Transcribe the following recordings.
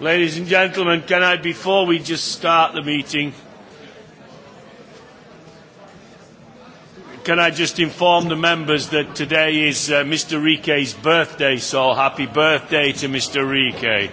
Ladies and gentlemen, can I, before we just start the meeting, can I just inform the members that today is uh, Mr. Rike's birthday, so happy birthday to Mr. Rike.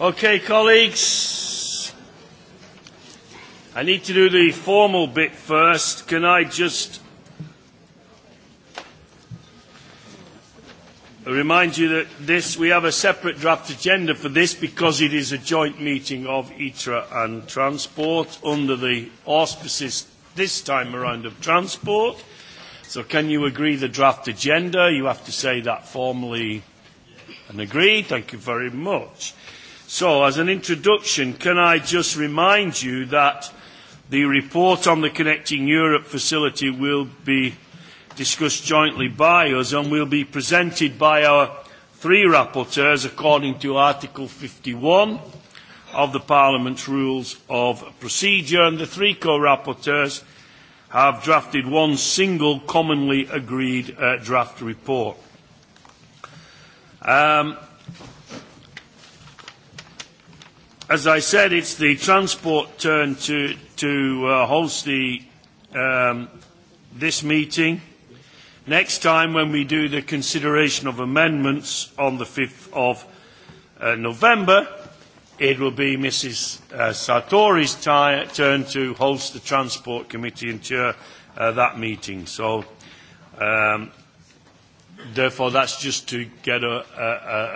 Okay, colleagues. I need to do the formal bit first. Can I just remind you that this we have a separate draft agenda for this because it is a joint meeting of ITRA and Transport under the auspices this time around of Transport. So can you agree the draft agenda? You have to say that formally and agree. Thank you very much. So, as an introduction, can I just remind you that the report on the Connecting Europe facility will be discussed jointly by us and will be presented by our three rapporteurs according to Article 51 of the Parliament's Rules of Procedure, and the three co-rapporteurs have drafted one single commonly agreed uh, draft report. Um, as I said, it's the transport turn to, to uh, host the, um, this meeting. Next time when we do the consideration of amendments on the 5th of uh, November, it will be Mrs. Uh, Sartori's turn to host the Transport Committee and chair uh, that meeting. So um, therefore, that's just to get a,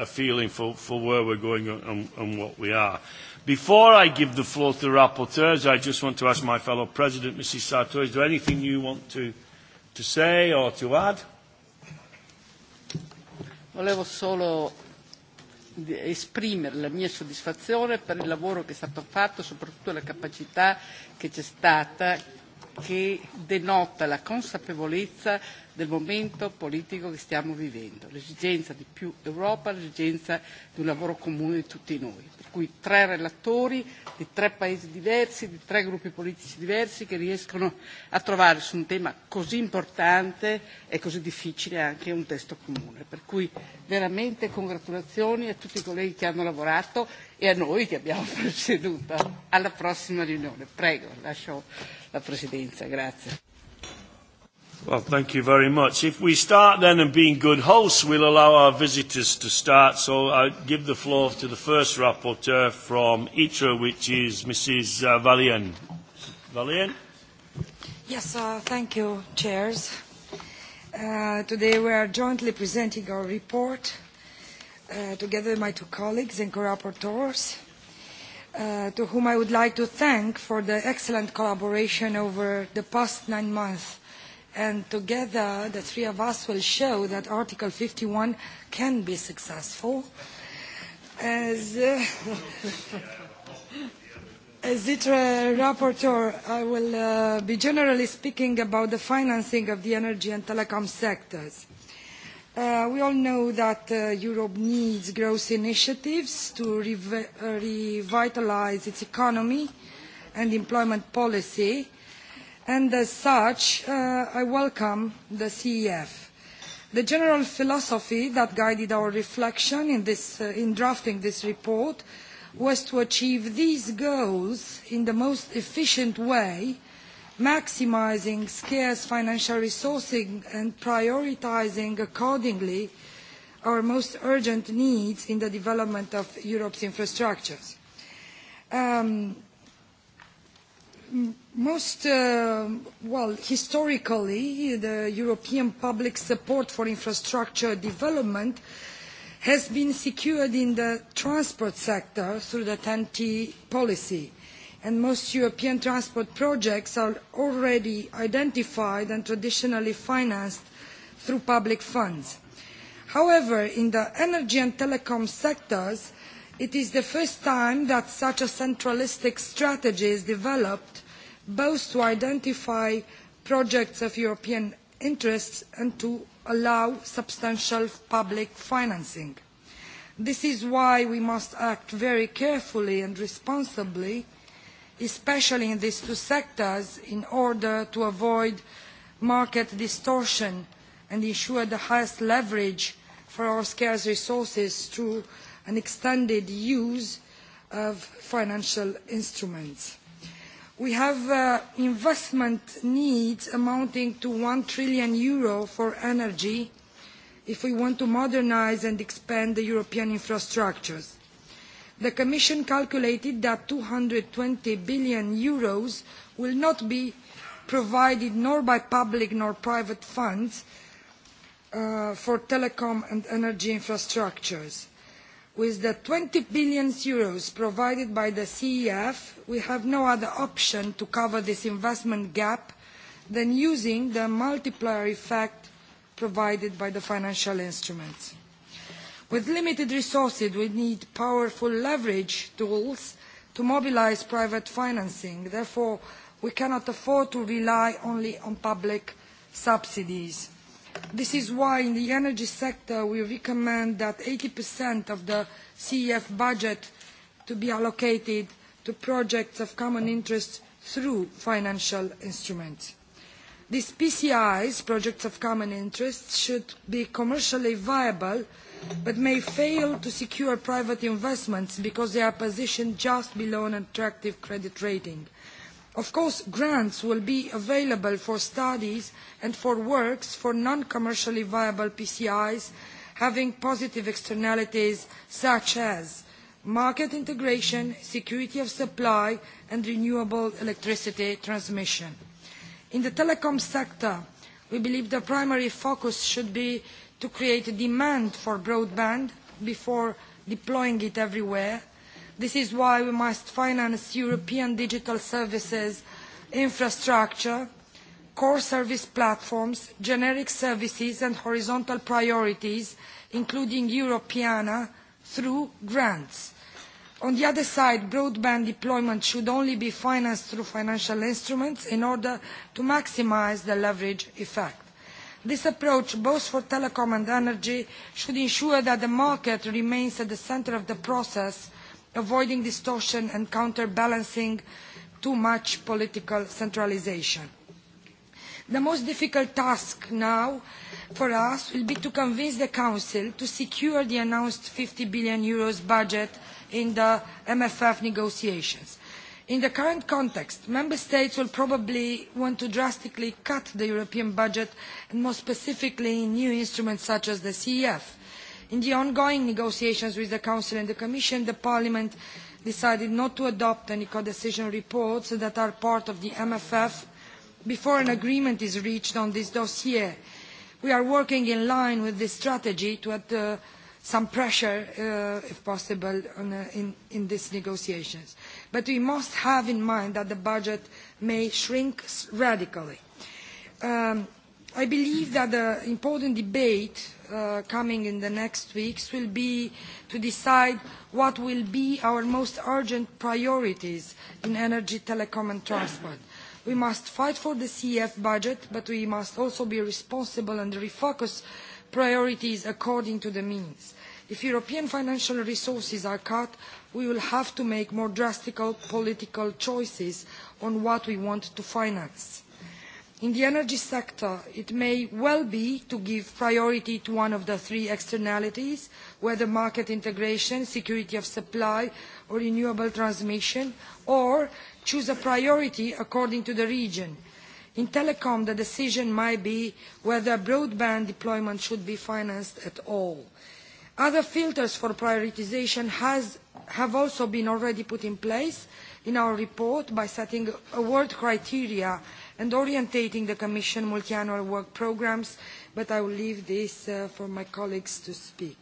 a, a feeling for, for where we're going and, and what we are. Before I give the floor to the rapporteurs, I just want to ask my fellow president, Mrs. Sato, is there anything you want to, to say or to add? Volevo solo esprimere la mia soddisfazione per il lavoro che è stato fatto, soprattutto la capacità che c'è stata che denota la consapevolezza del momento politico che stiamo vivendo, l'esigenza di più Europa, l'esigenza di un lavoro comune di tutti noi, per cui tre relatori di tre paesi diversi, di tre gruppi politici diversi che riescono a trovare su un tema così importante e così difficile anche un testo comune. Per cui veramente congratulazioni a tutti i colleghi che hanno lavorato e a noi che abbiamo presieduto. Alla prossima riunione. Prego, lascio la presidenza. Grazie. Well, thank you very much. If we start then and being good hosts, we'll allow our visitors to start. So I give the floor to the first rapporteur from ITRA, which is Mrs. Uh, Valien. Valien? Yes, uh, thank you, chairs. Uh, today we are jointly presenting our report uh, together with my two colleagues and co-rapporteurs, uh, to whom I would like to thank for the excellent collaboration over the past nine months and together the three of us will show that Article 51 can be successful as, uh, as ITRA rapporteur I will uh, be generally speaking about the financing of the energy and telecom sectors. Uh, we all know that uh, Europe needs growth initiatives to rev uh, revitalize its economy and employment policy and as such, uh, I welcome the CEF. The general philosophy that guided our reflection in, this, uh, in drafting this report was to achieve these goals in the most efficient way, maximizing scarce financial resources and prioritizing accordingly our most urgent needs in the development of Europe's infrastructures. Um, most, uh, well, historically, the European public support for infrastructure development has been secured in the transport sector through the TEN-T policy. And most European transport projects are already identified and traditionally financed through public funds. However, in the energy and telecom sectors, it is the first time that such a centralistic strategy is developed both to identify projects of European interest and to allow substantial public financing. This is why we must act very carefully and responsibly, especially in these two sectors, in order to avoid market distortion and ensure the highest leverage for our scarce resources through an extended use of financial instruments we have uh, investment needs amounting to 1 trillion euro for energy if we want to modernize and expand the European infrastructures. The Commission calculated that 220 billion euros will not be provided nor by public nor private funds uh, for telecom and energy infrastructures. With the 20 billion euros provided by the CEF, we have no other option to cover this investment gap than using the multiplier effect provided by the financial instruments. With limited resources, we need powerful leverage tools to mobilise private financing. Therefore, we cannot afford to rely only on public subsidies. This is why in the energy sector we recommend that 80% of the CEF budget to be allocated to projects of common interest through financial instruments. These PCIs, projects of common interest, should be commercially viable but may fail to secure private investments because they are positioned just below an attractive credit rating. Of course, grants will be available for studies and for works for non-commercially viable PCIs having positive externalities such as market integration, security of supply and renewable electricity transmission. In the telecom sector, we believe the primary focus should be to create a demand for broadband before deploying it everywhere This is why we must finance European digital services, infrastructure, core service platforms, generic services and horizontal priorities, including Europeana, through grants. On the other side, broadband deployment should only be financed through financial instruments in order to maximize the leverage effect. This approach, both for telecom and energy, should ensure that the market remains at the center of the process avoiding distortion and counterbalancing too much political centralization. The most difficult task now for us will be to convince the Council to secure the announced 50 billion euros budget in the MFF negotiations. In the current context, Member States will probably want to drastically cut the European budget and more specifically in new instruments such as the CEF In the ongoing negotiations with the Council and the Commission, the Parliament decided not to adopt any co-decision reports that are part of the MFF before an agreement is reached on this dossier. We are working in line with this strategy to add uh, some pressure, uh, if possible, on, uh, in, in these negotiations. But we must have in mind that the budget may shrink radically. Um, I believe that the important debate uh, coming in the next weeks will be to decide what will be our most urgent priorities in energy, telecom and transport. We must fight for the CEF budget, but we must also be responsible and refocus priorities according to the means. If European financial resources are cut, we will have to make more drastic political choices on what we want to finance. In the energy sector, it may well be to give priority to one of the three externalities, whether market integration, security of supply, or renewable transmission, or choose a priority according to the region. In telecom, the decision might be whether broadband deployment should be financed at all. Other filters for prioritization has, have also been already put in place in our report by setting award criteria and orientating the Commission multi-annual work programs, but I will leave this uh, for my colleagues to speak.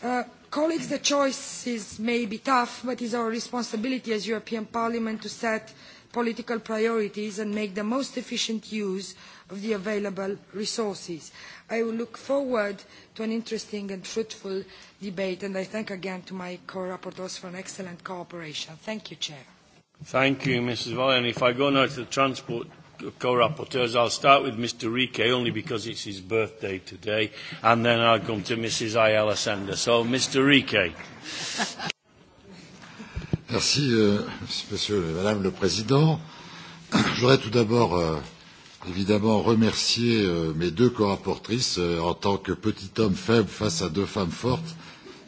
Uh, colleagues, the choices may be tough, but it is our responsibility as European Parliament to set political priorities and make the most efficient use of the available resources. I will look forward to an interesting and fruitful debate, and I thank again to my co-rapporteurs for an excellent cooperation. Thank you, Chair. Thank you, Mrs. Valley. And if I go now to the Transport co-rapporteurs, I'll start with Mr. Rike only because it's his birthday today, and then I'll come to Mrs. Ayala Sender. So, Mr. Rike. Merci, euh, Monsieur et Madame le Président. Je voudrais tout d'abord, euh, évidemment, remercier euh, mes deux co-rapportrices euh, en tant que petit homme faible face à deux femmes fortes.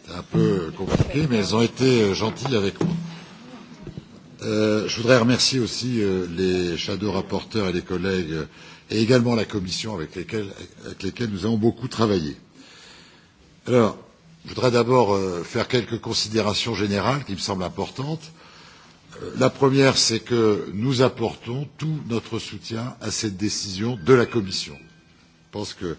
C'est un peu compliqué, mais elles ont été euh, gentilles avec moi. Euh, je voudrais remercier aussi euh, les shadow rapporteurs et les collègues euh, et également la commission avec lesquelles, avec lesquelles nous avons beaucoup travaillé. Alors, je voudrais d'abord euh, faire quelques considérations générales qui me semblent importantes. Euh, la première, c'est que nous apportons tout notre soutien à cette décision de la commission. Je pense que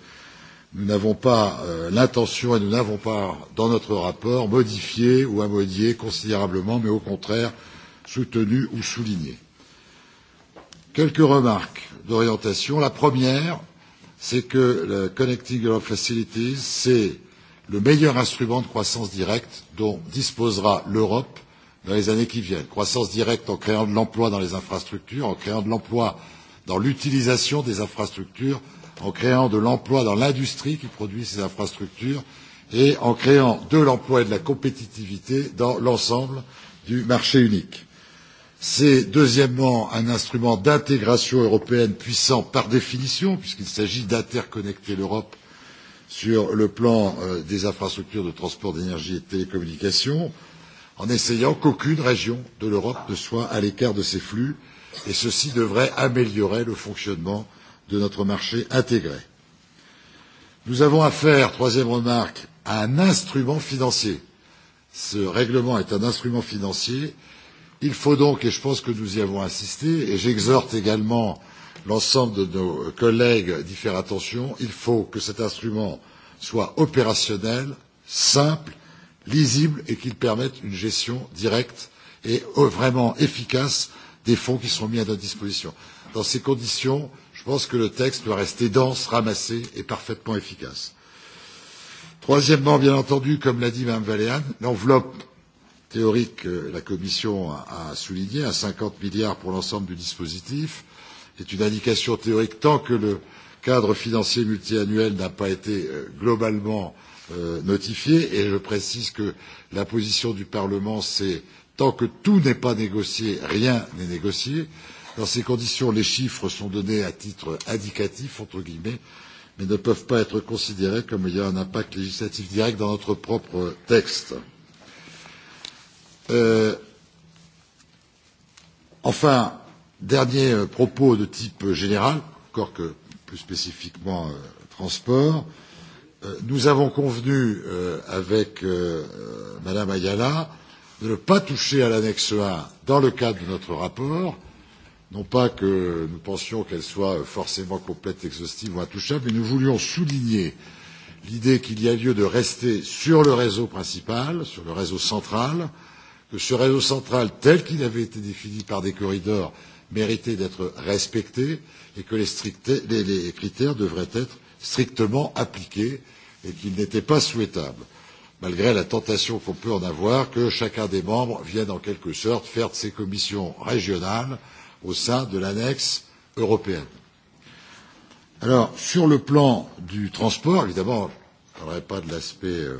nous n'avons pas euh, l'intention et nous n'avons pas, dans notre rapport, modifié ou amodié considérablement, mais au contraire, euh, soutenu ou souligné. Quelques remarques d'orientation. La première, c'est que le Connecting Europe Facilities, c'est le meilleur instrument de croissance directe dont disposera l'Europe dans les années qui viennent. Croissance directe en créant de l'emploi dans les infrastructures, en créant de l'emploi dans l'utilisation des infrastructures, en créant de l'emploi dans l'industrie qui produit ces infrastructures et en créant de l'emploi et de la compétitivité dans l'ensemble du marché unique. C'est deuxièmement un instrument d'intégration européenne puissant par définition, puisqu'il s'agit d'interconnecter l'Europe sur le plan euh, des infrastructures de transport d'énergie et de télécommunications, en essayant qu'aucune région de l'Europe ne soit à l'écart de ces flux, et ceci devrait améliorer le fonctionnement de notre marché intégré. Nous avons affaire, troisième remarque, à un instrument financier. Ce règlement est un instrument financier Il faut donc, et je pense que nous y avons insisté, et j'exhorte également l'ensemble de nos collègues d'y faire attention, il faut que cet instrument soit opérationnel, simple, lisible et qu'il permette une gestion directe et euh, vraiment efficace des fonds qui seront mis à notre disposition. Dans ces conditions, je pense que le texte doit rester dense, ramassé et parfaitement efficace. Troisièmement, bien entendu, comme l'a dit Mme Valéane, l'enveloppe théorique que la Commission a souligné, à 50 milliards pour l'ensemble du dispositif, est une indication théorique tant que le cadre financier multiannuel n'a pas été euh, globalement euh, notifié. Et je précise que la position du Parlement, c'est tant que tout n'est pas négocié, rien n'est négocié. Dans ces conditions, les chiffres sont donnés à titre indicatif, entre guillemets, mais ne peuvent pas être considérés comme ayant un impact législatif direct dans notre propre texte. Euh, enfin, dernier euh, propos de type général, encore que plus spécifiquement euh, transport. Euh, nous avons convenu euh, avec euh, euh Madame Ayala de ne pas toucher à l'annexe 1 dans le cadre de notre rapport, non pas que nous pensions qu'elle soit forcément complète, exhaustive ou intouchable, mais nous voulions souligner l'idée qu'il y a lieu de rester sur le réseau principal, sur le réseau central, euh, que ce réseau central, tel qu'il avait été défini par des corridors, méritait d'être respecté et que les, stricte, les, les critères devraient être strictement appliqués et qu'il n'était pas souhaitable, malgré la tentation qu'on peut en avoir, que chacun des membres vienne en quelque sorte faire de ses commissions régionales au sein de l'annexe européenne. Alors, sur le plan du transport, évidemment, je ne parlerai pas de l'aspect euh,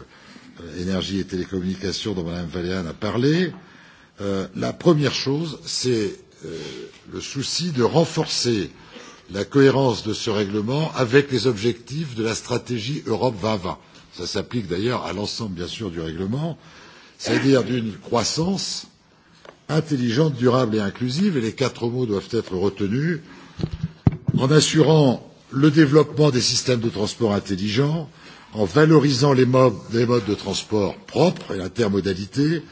Euh, énergie et télécommunications dont Mme Valéane a parlé. Euh, la première chose, c'est euh, le souci de renforcer la cohérence de ce règlement avec les objectifs de la stratégie Europe 2020. Ça s'applique d'ailleurs à l'ensemble, bien sûr, du règlement, c'est-à-dire d'une croissance intelligente, durable et inclusive, et les quatre mots doivent être retenus, en assurant le développement des systèmes de transport intelligents, en valorisant les modes, les modes de transport propres et l'intermodalité,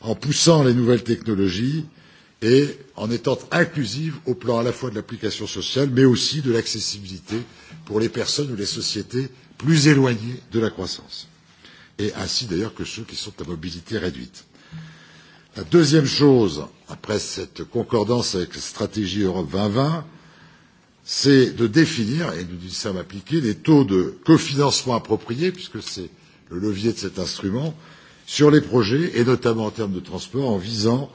en poussant les nouvelles technologies et en étant inclusive au plan à la fois de l'application sociale, mais aussi de l'accessibilité pour les personnes ou les sociétés plus éloignées de la croissance, et ainsi d'ailleurs que ceux qui sont à mobilité réduite. La deuxième chose, après cette concordance avec la stratégie Europe 2020, c'est de définir, et nous sommes appliqués des taux de cofinancement appropriés, puisque c'est le levier de cet instrument, sur les projets, et notamment en termes de transport, en visant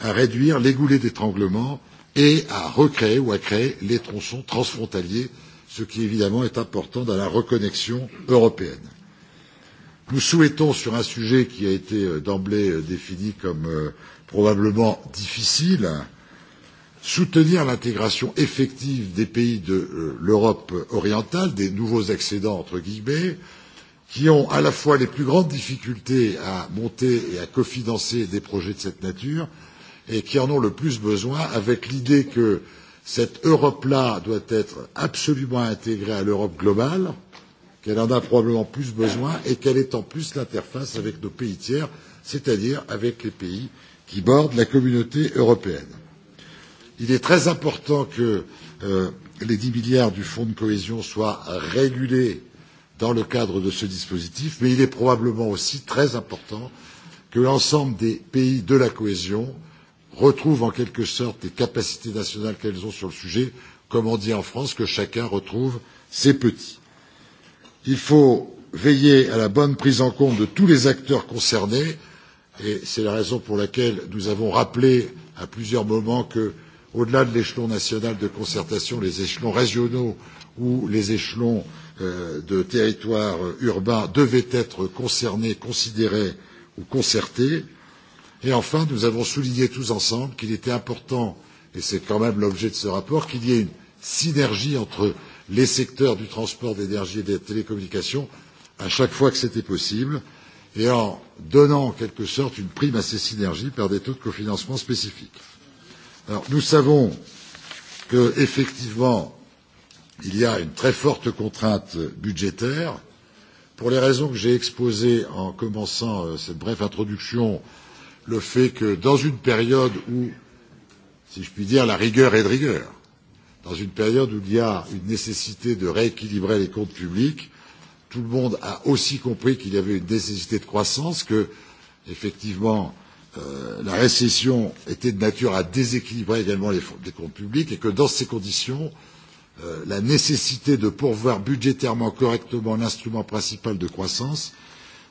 à réduire les goulets d'étranglement et à recréer ou à créer les tronçons transfrontaliers, ce qui évidemment est important dans la reconnexion européenne. Nous souhaitons, sur un sujet qui a été euh, d'emblée euh, défini comme euh, probablement difficile, soutenir l'intégration effective des pays de euh, l'Europe orientale, des nouveaux accédants entre guillemets, qui ont à la fois les plus grandes difficultés à monter et à cofinancer des projets de cette nature et qui en ont le plus besoin avec l'idée que cette Europe-là doit être absolument intégrée à l'Europe globale, qu'elle en a probablement plus besoin et qu'elle est en plus l'interface avec nos pays tiers, c'est-à-dire avec les pays qui bordent la communauté européenne. Il est très important que euh, les 10 milliards du fonds de cohésion soient régulés dans le cadre de ce dispositif, mais il est probablement aussi très important que l'ensemble des pays de la cohésion retrouvent en quelque sorte les capacités nationales qu'elles ont sur le sujet, comme on dit en France, que chacun retrouve ses petits. Il faut veiller à la bonne prise en compte de tous les acteurs concernés, et c'est la raison pour laquelle nous avons rappelé à plusieurs moments que au-delà de l'échelon national de concertation, les échelons régionaux ou les échelons euh, de territoires urbains devaient être concernés, considérés ou concertés. Et enfin, nous avons souligné tous ensemble qu'il était important, et c'est quand même l'objet de ce rapport, qu'il y ait une synergie entre les secteurs du transport, d'énergie et des télécommunications à chaque fois que c'était possible et en donnant en quelque sorte une prime à ces synergies par des taux de cofinancement spécifiques. Alors, nous savons qu'effectivement, il y a une très forte contrainte budgétaire. Pour les raisons que j'ai exposées en commençant euh, cette brève introduction, le fait que dans une période où, si je puis dire, la rigueur est de rigueur, dans une période où il y a une nécessité de rééquilibrer les comptes publics, tout le monde a aussi compris qu'il y avait une nécessité de croissance, que, effectivement, Euh, la récession était de nature à déséquilibrer également les, les comptes publics et que dans ces conditions, euh, la nécessité de pourvoir budgétairement correctement l'instrument principal de croissance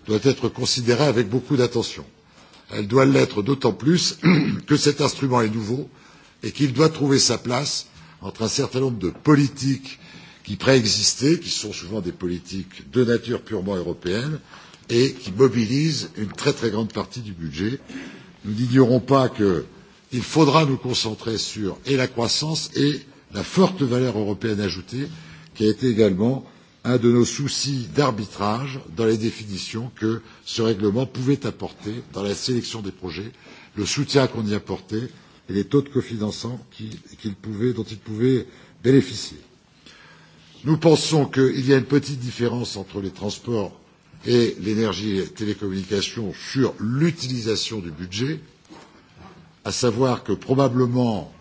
doit être considérée avec beaucoup d'attention. Elle doit l'être d'autant plus que cet instrument est nouveau et qu'il doit trouver sa place entre un certain nombre de politiques qui préexistaient, qui sont souvent des politiques de nature purement européenne, et qui mobilise une très très grande partie du budget. Nous n'ignorons pas qu'il faudra nous concentrer sur et la croissance et la forte valeur européenne ajoutée, qui a été également un de nos soucis d'arbitrage dans les définitions que ce règlement pouvait apporter dans la sélection des projets, le soutien qu'on y apportait et les taux de cofinancement dont il pouvait bénéficier. Nous pensons qu'il y a une petite différence entre les transports et l'énergie et télécommunications sur l'utilisation du budget, à savoir que probablement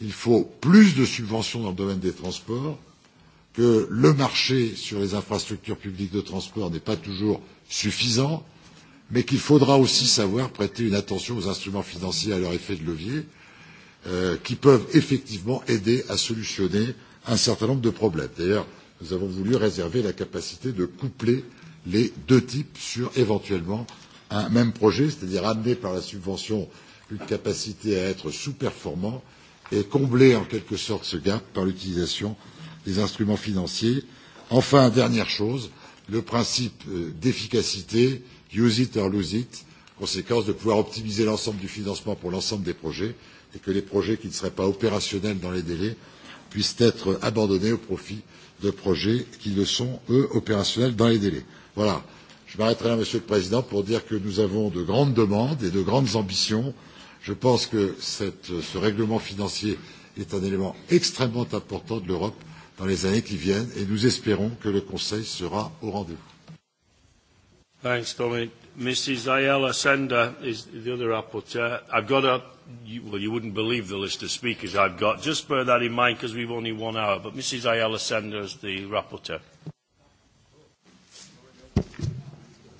il faut plus de subventions dans le domaine des transports, que le marché sur les infrastructures publiques de transport n'est pas toujours suffisant, mais qu'il faudra aussi savoir prêter une attention aux instruments financiers à leur effet de levier, euh, qui peuvent effectivement aider à solutionner un certain nombre de problèmes. D'ailleurs, nous avons voulu réserver la capacité de coupler les deux types sur éventuellement un même projet, c'est-à-dire amener par la subvention une capacité à être sous-performant et combler en quelque sorte ce gap par l'utilisation des instruments financiers. Enfin, dernière chose, le principe euh, d'efficacité, use it or lose it, conséquence de pouvoir optimiser l'ensemble du financement pour l'ensemble des projets et que les projets qui ne seraient pas opérationnels dans les délais puissent être abandonnés au profit de projets qui le sont, eux, opérationnels dans les délais. Voilà. Je m'arrêterai là, Monsieur le Président, pour dire que nous avons de grandes demandes et de grandes ambitions. Je pense que cette, ce règlement financier est un élément extrêmement important de l'Europe dans les années qui viennent et nous espérons que le Conseil sera au rendez-vous. Thanks, Tommy. Mrs. Ayala Sender is the other rapporteur. I've got a, you, well, you wouldn't believe the list of speakers I've got. Just bear that in mind because we've only one hour. But Mrs. Ayala Sender is the rapporteur.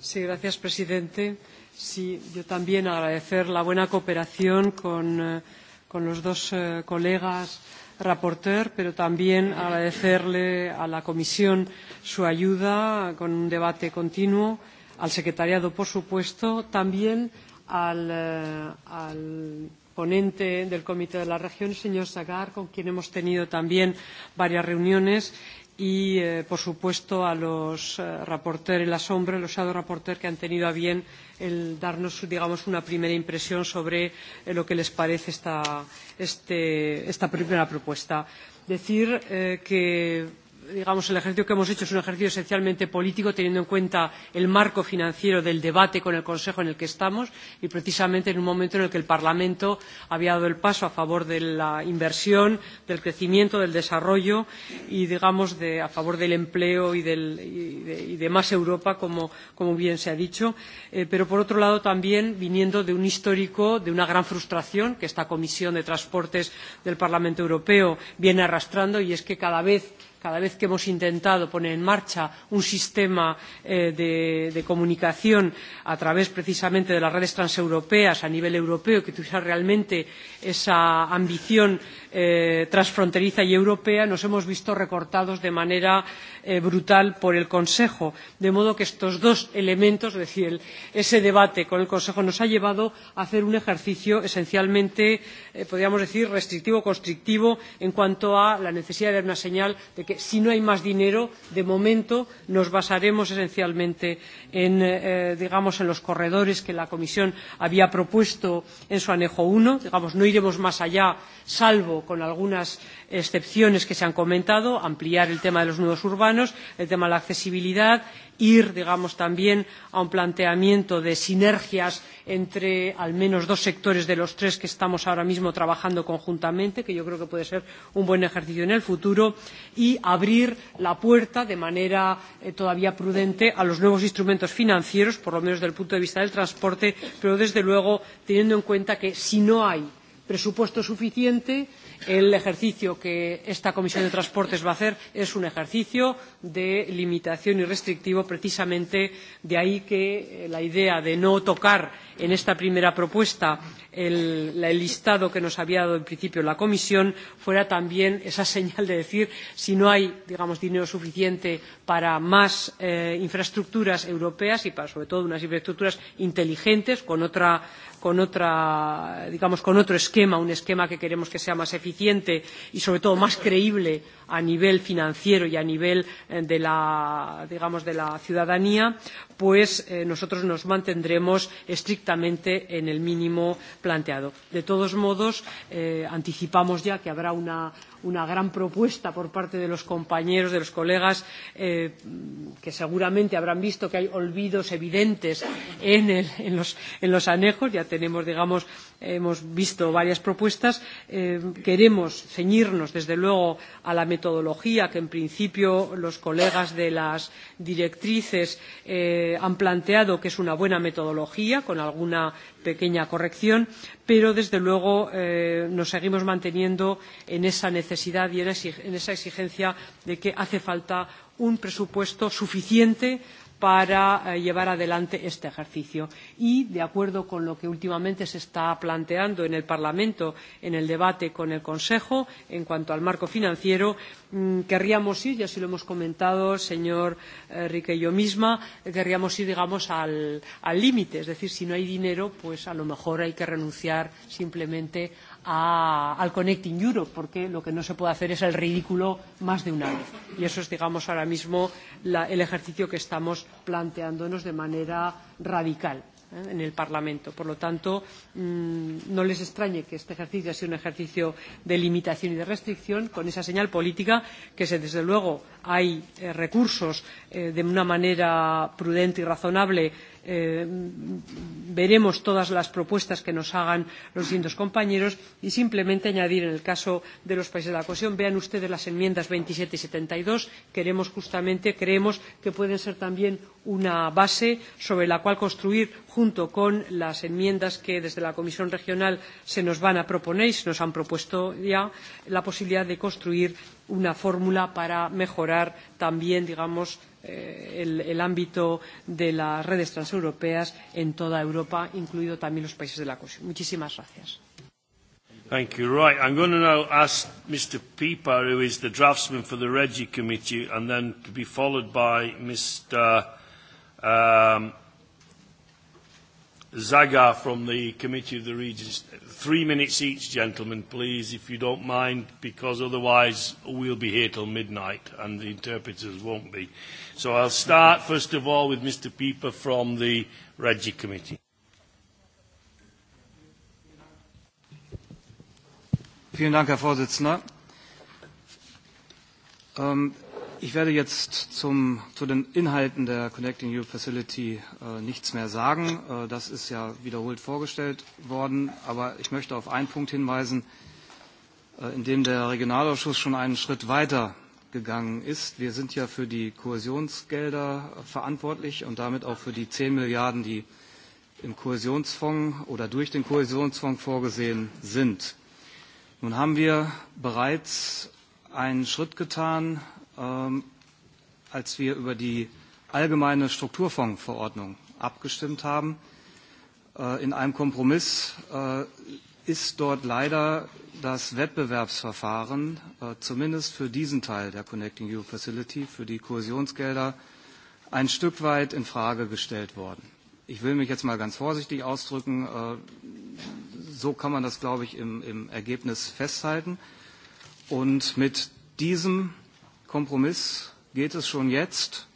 Sí, gracias, presidente. Sí, yo también agradecer la buena cooperación con, eh, con los dos eh, colegas rapporteur, pero también agradecerle a la Comisión su ayuda con un debate continuo, al secretariado, por supuesto, también al, eh, al ponente del Comité de la Región, señor Sagar, con quien hemos tenido también varias reuniones, y, eh, por supuesto, a los eh, y la sombra, los shadow reporteros que han tenido a bien el darnos, digamos, una primera impresión sobre eh, lo que les parece esta, este, esta primera propuesta. Decir eh, que digamos, el ejercicio que hemos hecho es un ejercicio esencialmente político, teniendo en cuenta el marco financiero del debate con el Consejo en el que estamos y precisamente en un momento en el que el Parlamento había dado el paso a favor de la inversión, del crecimiento, del desarrollo y, digamos, de, a favor del empleo y, del, y, de, y de más Europa, como, como bien se ha dicho. Eh, pero, por otro lado, también viniendo de un histórico, de una gran frustración que esta Comisión de Transportes del Parlamento Europeo viene arrastrando y es que cada vez cada vez que hemos intentado poner en marcha un sistema eh, de, de comunicación a través precisamente de las redes transeuropeas a nivel europeo que tuviera realmente esa ambición eh, transfronteriza y europea nos hemos visto recortados de manera eh, brutal por el Consejo. De modo que estos dos elementos, es decir, el, ese debate con el Consejo nos ha llevado a hacer un ejercicio esencialmente, eh, podríamos decir, restrictivo, constrictivo en cuanto a la necesidad de dar una señal de que si no hay más dinero, de momento nos basaremos esencialmente en, eh, digamos, en los corredores que la Comisión había propuesto en su anejo 1, digamos, no iremos más allá, salvo con algunas excepciones que se han comentado, ampliar el tema de los nudos urbanos, el tema de la accesibilidad, ir, digamos, también a un planteamiento de sinergias entre al menos dos sectores de los tres que estamos ahora mismo trabajando conjuntamente, que yo creo que puede ser un buen ejercicio en el futuro, y abrir la puerta de manera eh, todavía prudente a los nuevos instrumentos financieros, por lo menos desde el punto de vista del transporte, pero desde luego teniendo en cuenta que si no hay presupuesto suficiente. El ejercicio que esta Comisión de Transportes va a hacer es un ejercicio de limitación y restrictivo, precisamente de ahí que eh, la idea de no tocar en esta primera propuesta el, el listado que nos había dado en principio la Comisión fuera también esa señal de decir si no hay digamos, dinero suficiente para más eh, infraestructuras europeas y para sobre todo unas infraestructuras inteligentes con otra con otra digamos con otro esquema un esquema que queremos que sea más eficiente y sobre todo más creíble a nivel financiero y a nivel eh, de la, digamos, de la ciudadanía, pues eh, nosotros nos mantendremos estrictamente en el mínimo planteado. De todos modos, eh, anticipamos ya que habrá una, una gran propuesta por parte de los compañeros, de los colegas, eh, que seguramente habrán visto que hay olvidos evidentes en, el, en, los, en los anejos. Ya tenemos, digamos, hemos visto varias propuestas. Eh, queremos ceñirnos, desde luego, a la metodología que, en principio, los colegas de las directrices eh, han planteado, que es una buena metodología, con alguna pequeña corrección, pero, desde luego, eh, nos seguimos manteniendo en esa necesidad y en esa exigencia de que hace falta un presupuesto suficiente para eh, llevar adelante este ejercicio. Y, de acuerdo con lo que últimamente se está planteando en el Parlamento, en el debate con el Consejo, en cuanto al marco financiero, mm, querríamos ir, ya así lo hemos comentado, señor eh, Rique y yo misma, querríamos ir, digamos, al límite. Es decir, si no hay dinero, pues a lo mejor hay que renunciar simplemente a, al Connecting Europe, porque lo que no se puede hacer es el ridículo más de una vez. Y eso es, digamos, ahora mismo la, el ejercicio que estamos planteándonos de manera radical ¿eh? en el Parlamento. Por lo tanto, mmm, no les extrañe que este ejercicio ha sido un ejercicio de limitación y de restricción con esa señal política que, se, desde luego, hay eh, recursos eh, de una manera prudente y razonable Eh, veremos todas las propuestas que nos hagan los distintos compañeros y simplemente añadir en el caso de los países de la cohesión, vean ustedes las enmiendas 27 y 72, queremos justamente, creemos que pueden ser también una base sobre la cual construir junto con las enmiendas que desde la Comisión Regional se nos van a proponer y se nos han propuesto ya la posibilidad de construir una fórmula para mejorar también, digamos, eh, el, el ámbito de las redes transeuropeas en toda Europa, incluido también los países de la COSI. Muchísimas gracias. Thank you. Right, I'm going to now ask Mr. Pieper, who is the draftsman for the Regi Committee, and then to be followed by Mr. Um, Zaga from the Committee of the Regions Three minutes each, gentlemen, please, if you don't mind, because otherwise we'll be here till midnight and the interpreters won't be. So I'll start, first of all, with Mr. Pieper from the Regi Committee. Vielen Dank, Herr Vorsitzender. Um, Ich werde jetzt zum, zu den Inhalten der Connecting Europe Facility äh, nichts mehr sagen. Äh, das ist ja wiederholt vorgestellt worden. Aber ich möchte auf einen Punkt hinweisen, äh, in dem der Regionalausschuss schon einen Schritt weiter gegangen ist. Wir sind ja für die Kohäsionsgelder äh, verantwortlich und damit auch für die 10 Milliarden, die im Kohäsionsfonds oder durch den Kohäsionsfonds vorgesehen sind. Nun haben wir bereits einen Schritt getan, ähm, als wir über die allgemeine Strukturfondsverordnung abgestimmt haben. Äh, in einem Kompromiss äh, ist dort leider das Wettbewerbsverfahren, äh, zumindest für diesen Teil der Connecting Europe Facility, für die Kohäsionsgelder, ein Stück weit in Frage gestellt worden. Ich will mich jetzt mal ganz vorsichtig ausdrücken. Äh, so kann man das, glaube ich, im, im Ergebnis festhalten. Und mit diesem Kompromiss geht es schon jetzt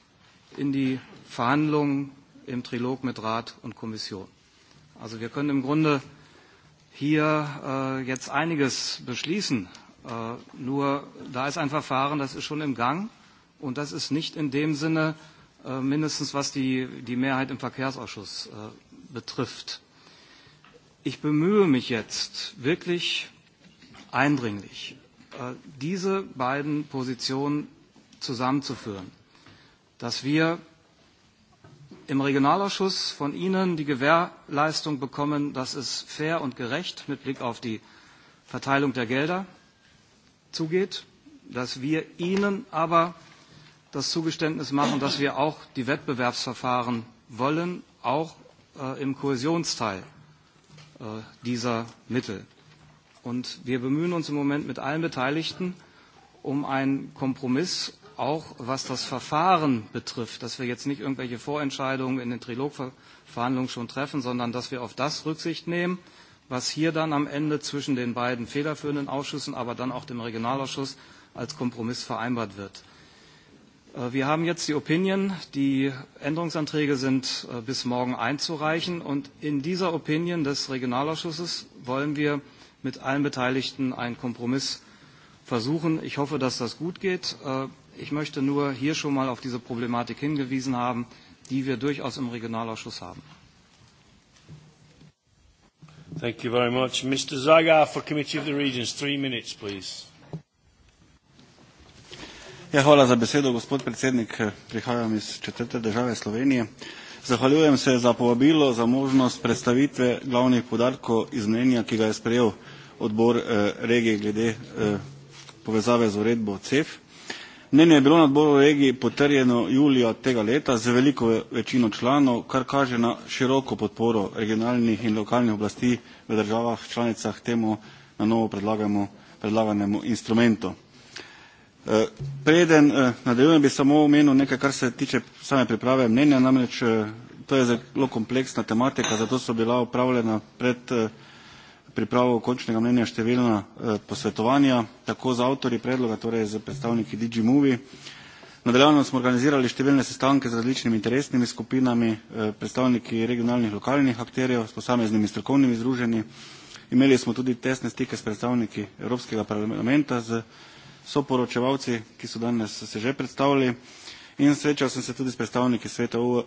in die Verhandlungen im Trilog mit Rat und Kommission. Also wir können im Grunde hier äh, jetzt einiges beschließen. Äh, nur da ist ein Verfahren, das ist schon im Gang und das ist nicht in dem Sinne, äh, mindestens was die, die Mehrheit im Verkehrsausschuss äh, betrifft. Ich bemühe mich jetzt wirklich eindringlich, Äh, diese beiden Positionen zusammenzuführen, dass wir im Regionalausschuss von Ihnen die Gewährleistung bekommen, dass es fair und gerecht mit Blick auf die Verteilung der Gelder zugeht, dass wir Ihnen aber das Zugeständnis machen, dass wir auch die Wettbewerbsverfahren wollen, auch äh, im Kohäsionsteil äh, dieser Mittel. Und wir bemühen uns im Moment mit allen Beteiligten um einen Kompromiss, auch was das Verfahren betrifft, dass wir jetzt nicht irgendwelche Vorentscheidungen in den Trilogverhandlungen schon treffen, sondern dass wir auf das Rücksicht nehmen, was hier dann am Ende zwischen den beiden federführenden Ausschüssen, aber dann auch dem Regionalausschuss als Kompromiss vereinbart wird. Äh, wir haben jetzt die Opinion, die Änderungsanträge sind äh, bis morgen einzureichen und in dieser Opinion des Regionalausschusses wollen wir mit allen Beteiligten einen Kompromiss versuchen. Ich hoffe, dass das gut geht. Äh, ich möchte nur hier schon mal auf diese Problematik hingewiesen haben, die wir durchaus im Regionalausschuss haben. Thank you very much. Mr. Zagar for Committee of the Regions, three minutes, please. Ja, hvala za besedo, gospod predsednik. Prihajam iz četrte države Slovenije. Zahvaljujem se za povabilo, za možnost predstavitve glavnih podarkov iz mnenja, ki ga je sprejel odbor eh, regije glede eh, povezave z uredbo CEF. Mnenje je bilo na odboru regiji potrjeno julija tega leta z veliko večino članov, kar kaže na široko podporo regionalnih in lokalnih oblasti v državah članicah temu na novo predlaganemu instrumentu. Eh, Preden eh, nadaljujem bi samo omenil nekaj, kar se tiče same priprave mnenja, namreč eh, to je zelo kompleksna tematika, zato so bila upravljena pred pripravo končnega mnenja številna posvetovanja, tako z avtori predloga, torej z predstavniki DigiMovi. Nadaljavno smo organizirali številne sestanke z različnimi interesnimi skupinami, predstavniki regionalnih lokalnih akterjev, s posameznimi strokovnimi združenji. Imeli smo tudi tesne stike s predstavniki Evropskega parlamenta, z soporočevalci, ki so danes se že predstavili in srečal sem se tudi s predstavniki sveta EU,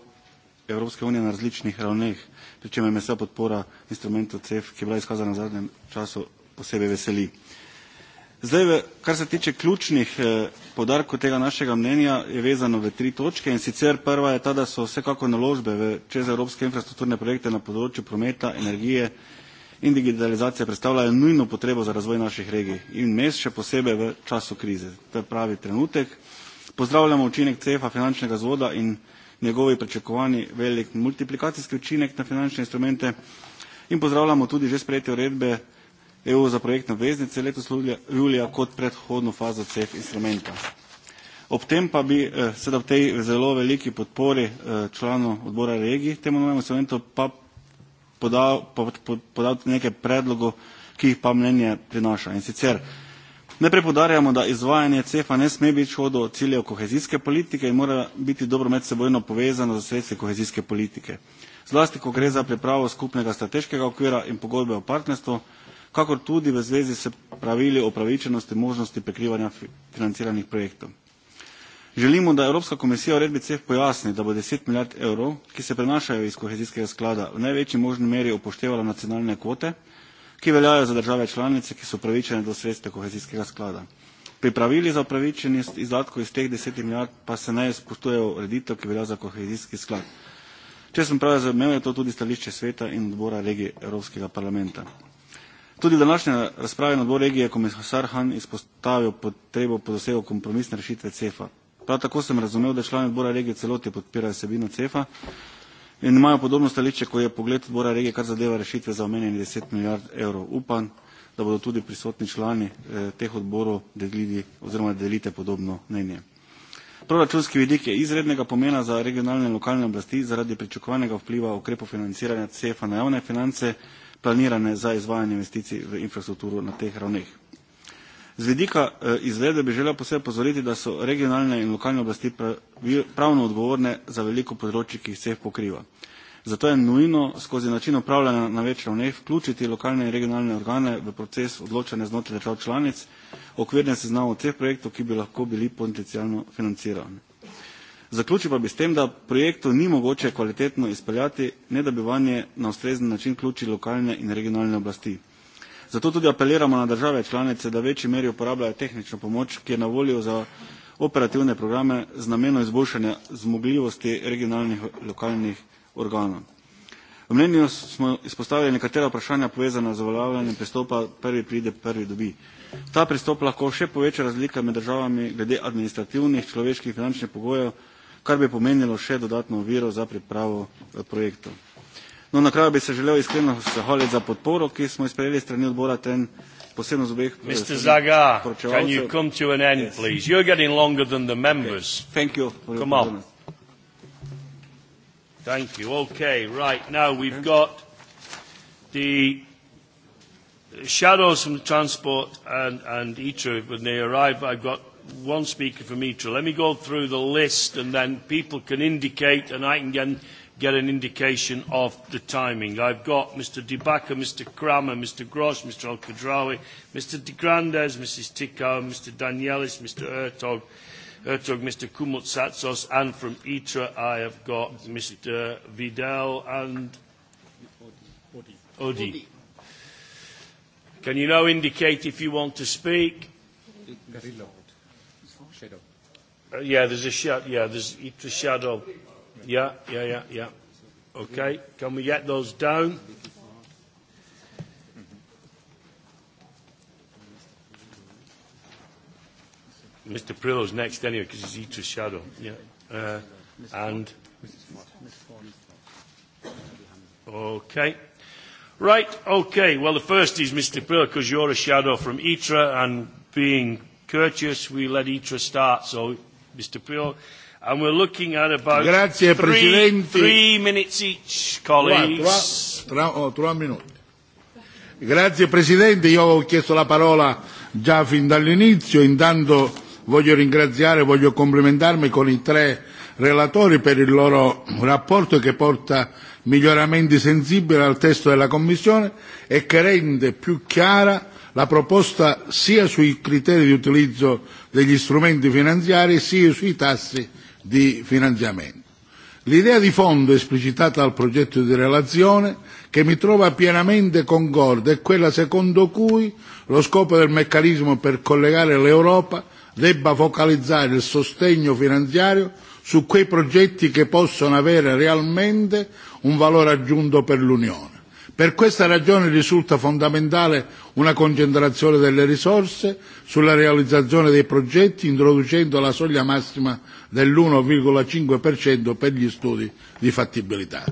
Evropske unije na različnih ravneh, pri čemer me vsa podpora instrumentu CEF, ki je bila izkazana v zadnjem času, posebej veseli. Zdaj, kar se tiče ključnih eh, podarkov tega našega mnenja, je vezano v tri točke in sicer prva je ta, da so vsekako naložbe v evropske infrastrukturne projekte na področju prometa, energije, in digitalizacija predstavljajo nujno potrebo za razvoj naših regij in mest, še posebej v času krize. To je pravi trenutek. Pozdravljamo učinek CEF-a finančnega zvoda in njegovi pričakovani velik multiplikacijski učinek na finančne instrumente in pozdravljamo tudi že sprejete uredbe EU za projektne obveznice letos julija kot predhodno fazo CEF instrumenta. Ob tem pa bi eh, sedaj v tej zelo veliki podpori eh, članov odbora regij temu novemu instrumentu pa podal, podal nekaj predlogov, ki jih pa mnenje prinaša. In sicer ne prepodarjamo, da izvajanje CEFA ne sme biti do ciljev kohezijske politike in mora biti dobro medsebojno povezano z sredstvi kohezijske politike. Zlasti, ko gre za pripravo skupnega strateškega okvira in pogodbe o partnerstvu, kakor tudi v zvezi s pravili o pravičenosti možnosti prekrivanja financiranih projektov. Želimo da Evropska komisija uredbi CEF pojasni, da bo 10 milijard evrov, ki se prenašajo iz kohezijskega sklada, v največji možni meri upoštevala nacionalne kvote, ki veljajo za države članice, ki so upravičene do sredstva kohezijskega sklada. Pri pravili za upravičenost izdatkov iz teh 10 milijard pa se naj spoštuje ureditev, ki velja za kohezijski sklad. Če sem prav razumel, je to tudi stališče sveta in odbora regije Evropskega parlamenta. Tudi v današnje razpravi na odboru regije je komisar Han izpostavil potrebo po dosegu kompromisne rešitve CEFA. Prav tako sem razumel, da člani odbora regije celoti podpirajo sebino CEFA in imajo podobno stališče, ko je pogled odbora regije, kar zadeva rešitve za omenjeni 10 milijard evrov. Upam, da bodo tudi prisotni člani eh, teh odborov delili oziroma delite podobno mnenje. Proračunski vidik je izrednega pomena za regionalne in lokalne oblasti zaradi pričakovanega vpliva okrepov financiranja CEFA na javne finance, planirane za izvajanje investicij v infrastrukturo na teh ravneh. Z vidika eh, izgleda bi želel posebej pozoriti, da so regionalne in lokalne oblasti pravno odgovorne za veliko področje, ki jih vseh pokriva. Zato je nujno skozi način upravljanja na več ravneh vključiti lokalne in regionalne organe v proces odločanja znotraj držav članic, okvirne seznamo vseh projektov, ki bi lahko bili potencijalno financirani. Zaključil pa bi s tem, da projektov ni mogoče kvalitetno izpeljati, ne da bi vanje na ustrezni način vključili lokalne in regionalne oblasti. Zato tudi apeliramo na države članice, da večji meri uporabljajo tehnično pomoč, ki je na voljo za operativne programe z namenom izboljšanja zmogljivosti regionalnih lokalnih organov. V mnenju smo izpostavili nekatera vprašanja povezana z uveljavljanjem pristopa prvi pride, prvi dobi. Ta pristop lahko še poveča razlike med državami glede administrativnih, človeških in finančnih pogojev, kar bi pomenilo še dodatno oviro za pripravo eh, projektov. No, na kraju bi se želel iskreno zahvaliti za podporo, ki smo izprejeli strani odbora ten posebno z Mr. Eh, Zaga, can you come to an end, yes. please? You're getting longer than the members. Okay. Thank you. For come on. Thank you. Okay, right. Now we've okay. got the shadows from transport and, and ITRA when they arrive. I've got one speaker from ITRA. Let me go through the list and then people can indicate and I can get get an indication of the timing. I've got Mr. DeBacker, Mr. Kramer, Mr. Gross, Mr. Al-Kadrawi, Mr. De Grandes, Mrs. Tickow, Mr. Danielis, Mr. Ertog, Ertog, Mr. Kumutsatsos, and from ITRA I have got Mr. Vidal and Odi. Can you now indicate if you want to speak? Garillo. Shadow. Uh, yeah, there's a shadow. Yeah, there's a shadow. Yeah, yeah, yeah, yeah. Okay, can we get those down? Mr. Prillo's next anyway because he's a shadow. Yeah. Uh, and okay. Right, okay. Well, the first is Mr. Prillo because you're a shadow from ITRA and being courteous, we let ITRA start. So, Mr. Prillo, And we're looking at about Grazie, three, three minutes each, colleagues. Tra, oh, tra, tra Grazie Presidente, io ho chiesto la parola già fin dall'inizio, intanto voglio ringraziare, voglio complimentarmi con i tre relatori per il loro rapporto che porta miglioramenti sensibili al testo della Commissione e che rende più chiara la proposta sia sui criteri di utilizzo degli strumenti finanziari sia sui tassi di finanziamento. L'idea di fondo esplicitata al progetto di relazione che mi trova pienamente concorde è quella secondo cui lo scopo del meccanismo per collegare l'Europa debba focalizzare il sostegno finanziario su quei progetti che possono avere realmente un valore aggiunto per l'Unione. Per questa ragione risulta fondamentale una concentrazione delle risorse sulla realizzazione dei progetti introducendo la soglia massima dell'1,5% per gli studi di fattibilità.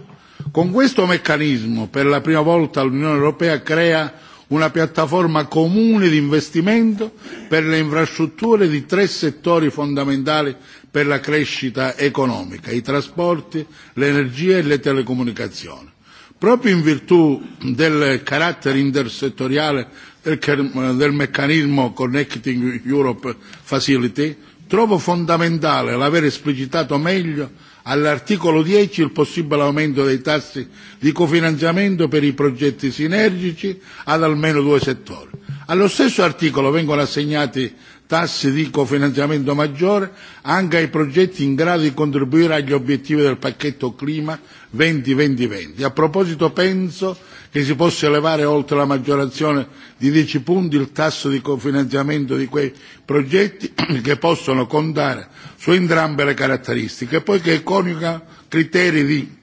Con questo meccanismo per la prima volta l'Unione Europea crea una piattaforma comune di investimento per le infrastrutture di tre settori fondamentali per la crescita economica, i trasporti, l'energia e le telecomunicazioni proprio in virtù del carattere intersettoriale del, del meccanismo Connecting Europe Facility, trovo fondamentale l'aver esplicitato meglio all'articolo 10 il possibile aumento dei tassi di cofinanziamento per i progetti sinergici ad almeno due settori. Allo stesso articolo vengono assegnati tassi di cofinanziamento maggiore anche ai progetti in grado di contribuire agli obiettivi del pacchetto clima 2020-2020. A proposito penso che si possa elevare oltre la maggiorazione di 10 punti il tasso di cofinanziamento di quei progetti che possono contare su entrambe le caratteristiche, poiché coniuga criteri di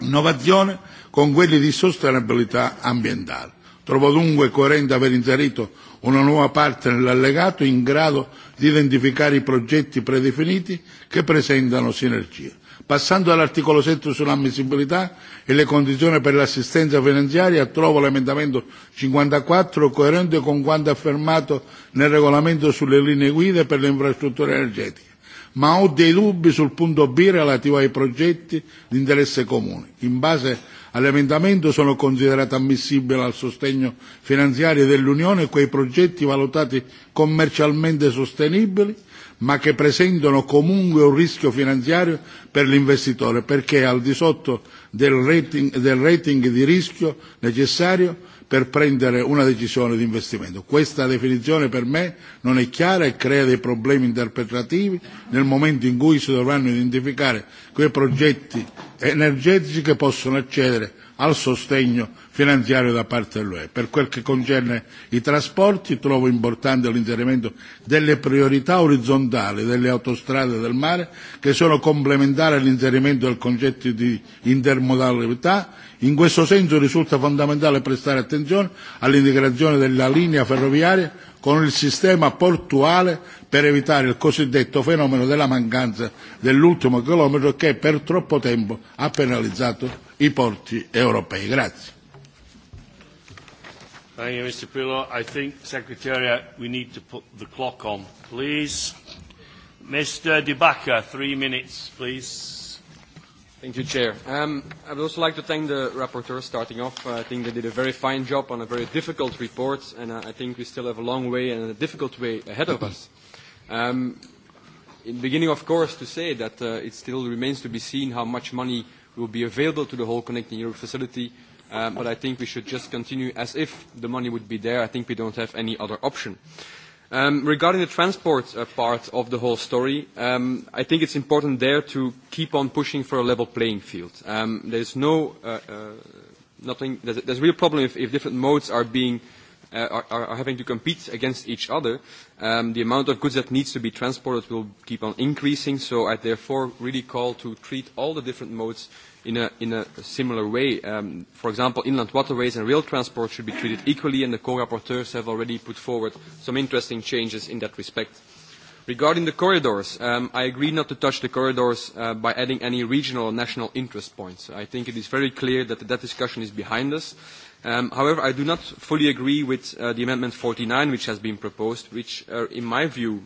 innovazione con quelli di sostenibilità ambientale. Trovo dunque coerente aver inserito una nuova parte nell'allegato in grado di identificare i progetti predefiniti che presentano sinergia. Passando all'articolo 7 sull'ammissibilità e le condizioni per l'assistenza finanziaria, trovo l'emendamento 54 coerente con quanto affermato nel regolamento sulle linee guida per le infrastrutture energetiche, ma ho dei dubbi sul punto B relativo ai progetti di interesse comune, in base All'emendamento sono considerati ammissibili al sostegno finanziario dell'Unione quei progetti valutati commercialmente sostenibili ma che presentano comunque un rischio finanziario per l'investitore perché al di sotto del rating, del rating di rischio necessario per prendere una decisione di investimento. Questa definizione per me non è chiara e crea dei problemi interpretativi nel momento in cui si dovranno identificare quei progetti energetici che possono accedere al sostegno finanziario da parte dell'UE. Per quel che concerne i trasporti trovo importante l'inserimento delle priorità orizzontali delle autostrade del mare che sono complementari all'inserimento del concetto di intermodalità In questo senso risulta fondamentale prestare attenzione all'integrazione della linea ferroviaria con il sistema portuale per evitare il cosiddetto fenomeno della mancanza dell'ultimo chilometro che per troppo tempo ha penalizzato i porti europei. Grazie. Thank you, Mr. Pillow. I think, Secretariat, we need to put the clock on, please. Mr. DeBacca, three minutes, please. Thank you, Chair. Um, I would also like to thank the rapporteur starting off. Uh, I think they did a very fine job on a very difficult report, and uh, I think we still have a long way and a difficult way ahead of us. Um, in the beginning, of course, to say that uh, it still remains to be seen how much money will be available to the whole Connecting Europe facility, um, but I think we should just continue as if the money would be there. I think we don't have any other option. Uh, Um, regarding the transport uh, part of the whole story, um, I think it's important there to keep on pushing for a level playing field. Um, there's no, uh, uh, nothing, there's, there's a real problem if, if different modes are being uh, uh, are, are having to compete against each other, um, the amount of goods that needs to be transported will keep on increasing. So I therefore really call to treat all the different modes in a, in a similar way. Um, for example, inland waterways and rail transport should be treated equally, and the co-rapporteurs have already put forward some interesting changes in that respect. Regarding the corridors, um, I agree not to touch the corridors uh, by adding any regional or national interest points. I think it is very clear that that discussion is behind us. Um, however, I do not fully agree with uh, the Amendment 49 which has been proposed, which, uh, in my view,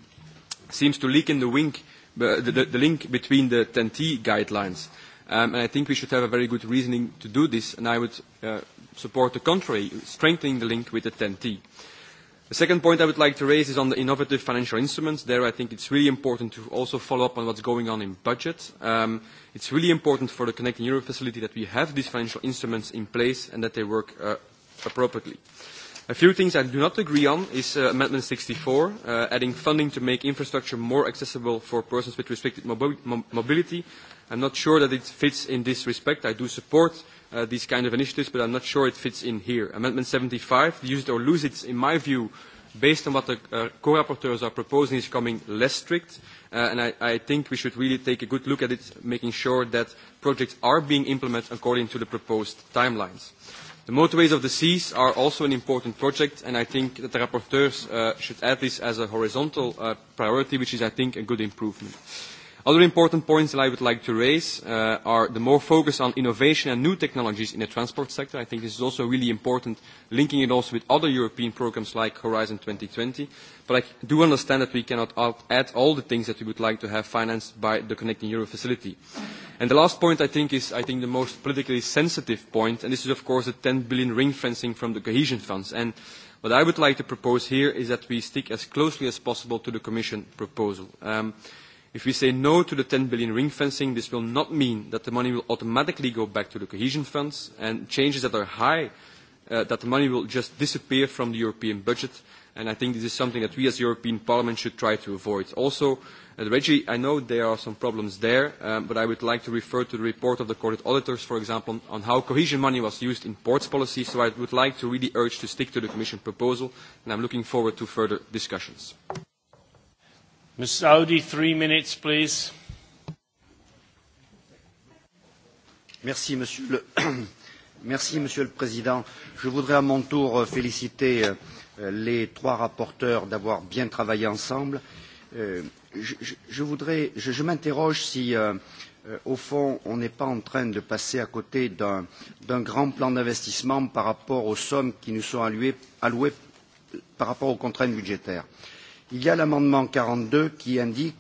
seems to leak in the, wink, uh, the, the, the link between the 10T guidelines. Um, and I think we should have a very good reasoning to do this, and I would uh, support the contrary, strengthening the link with the 10T. The second point I would like to raise is on the innovative financial instruments. There I think it's really important to also follow up on what's going on in budget. Um, it's really important for the Connecting Europe facility that we have these financial instruments in place and that they work uh, appropriately. A few things I do not agree on is uh, Amendment 64, uh, adding funding to make infrastructure more accessible for persons with restricted mobi mobility. I'm not sure that it fits in this respect. I do support uh, these kind of initiatives, but I'm not sure it fits in here. Amendment 75, use it or lose it, in my view, based on what the uh, co-rapporteurs are proposing, is coming less strict. Uh, and I, I think we should really take a good look at it, making sure that projects are being implemented according to the proposed timelines. The motorways of the seas are also an important project, and I think that the rapporteurs uh, should add this as a horizontal uh, priority, which is, I think, a good improvement. Uh, Other important points that I would like to raise uh, are the more focus on innovation and new technologies in the transport sector. I think this is also really important, linking it also with other European programs like Horizon 2020. But I do understand that we cannot add all the things that we would like to have financed by the Connecting Europe facility. And the last point I think is I think the most politically sensitive point, and this is of course the 10 billion ring fencing from the cohesion funds. And what I would like to propose here is that we stick as closely as possible to the Commission proposal. Um, If we say no to the 10 billion ring fencing, this will not mean that the money will automatically go back to the cohesion funds and changes that are high, uh, that the money will just disappear from the European budget. And I think this is something that we as European Parliament should try to avoid. Also, at uh, Reggie, I know there are some problems there, um, but I would like to refer to the report of the Court of Auditors, for example, on, on how cohesion money was used in ports policy. So I would like to really urge to stick to the Commission proposal, and I'm looking forward to further discussions. Ms. Audi, three minutes, please. Merci, Monsieur le, Merci, Monsieur le Président. Je voudrais à mon tour euh, féliciter euh, euh, les trois rapporteurs d'avoir bien travaillé ensemble. Je, je, je, voudrais, je, je m'interroge si, au fond, on n'est pas en train de passer à côté d'un grand plan d'investissement par rapport aux sommes qui nous sont allouées, allouées par rapport aux contraintes budgétaires. Euh, il y a l'amendement quarante deux qui indique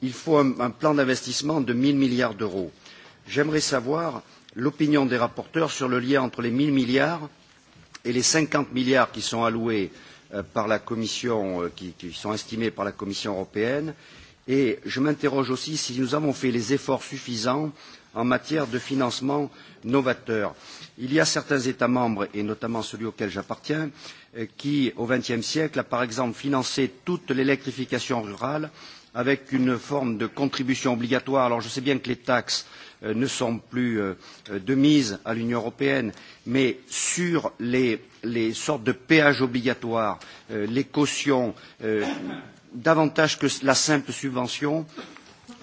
qu'il faut un, un plan d'investissement de 1 000 milliards d'euros. J'aimerais savoir l'opinion des rapporteurs sur le lien entre les 1 000 milliards et les cinquante milliards qui sont alloués euh, par la Commission, euh, qui, qui sont estimés par la Commission européenne. Et je m'interroge aussi si nous avons fait les efforts suffisants en matière de financement novateur. Il y a certains États membres, et notamment celui auquel j'appartiens, euh, qui, au XXe siècle, a par exemple financé toute l'électrification rurale avec une forme de contribution obligatoire. Alors je sais bien que les taxes euh, ne sont plus euh, de mise à l'Union européenne, mais sur les, les sortes de péages obligatoires, les cautions, davantage que la simple subvention,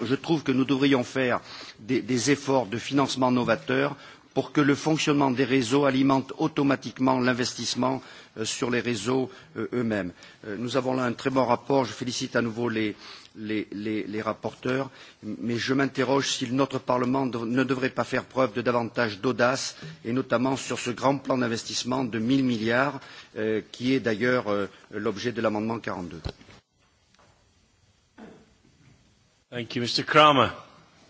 je trouve que nous devrions faire des, des efforts de financement novateurs pour que le fonctionnement des réseaux alimente automatiquement l'investissement euh, sur les réseaux euh, eux-mêmes. Euh, nous avons là un très bon rapport, je félicite à nouveau les, les, les, les rapporteurs, mais je m'interroge si notre Parlement ne devrait pas faire preuve de davantage d'audace, et notamment sur ce grand plan d'investissement de 1 000 milliards, euh, qui est d'ailleurs euh, l'objet de l'amendement 42. Thank you, Mr. Kramer.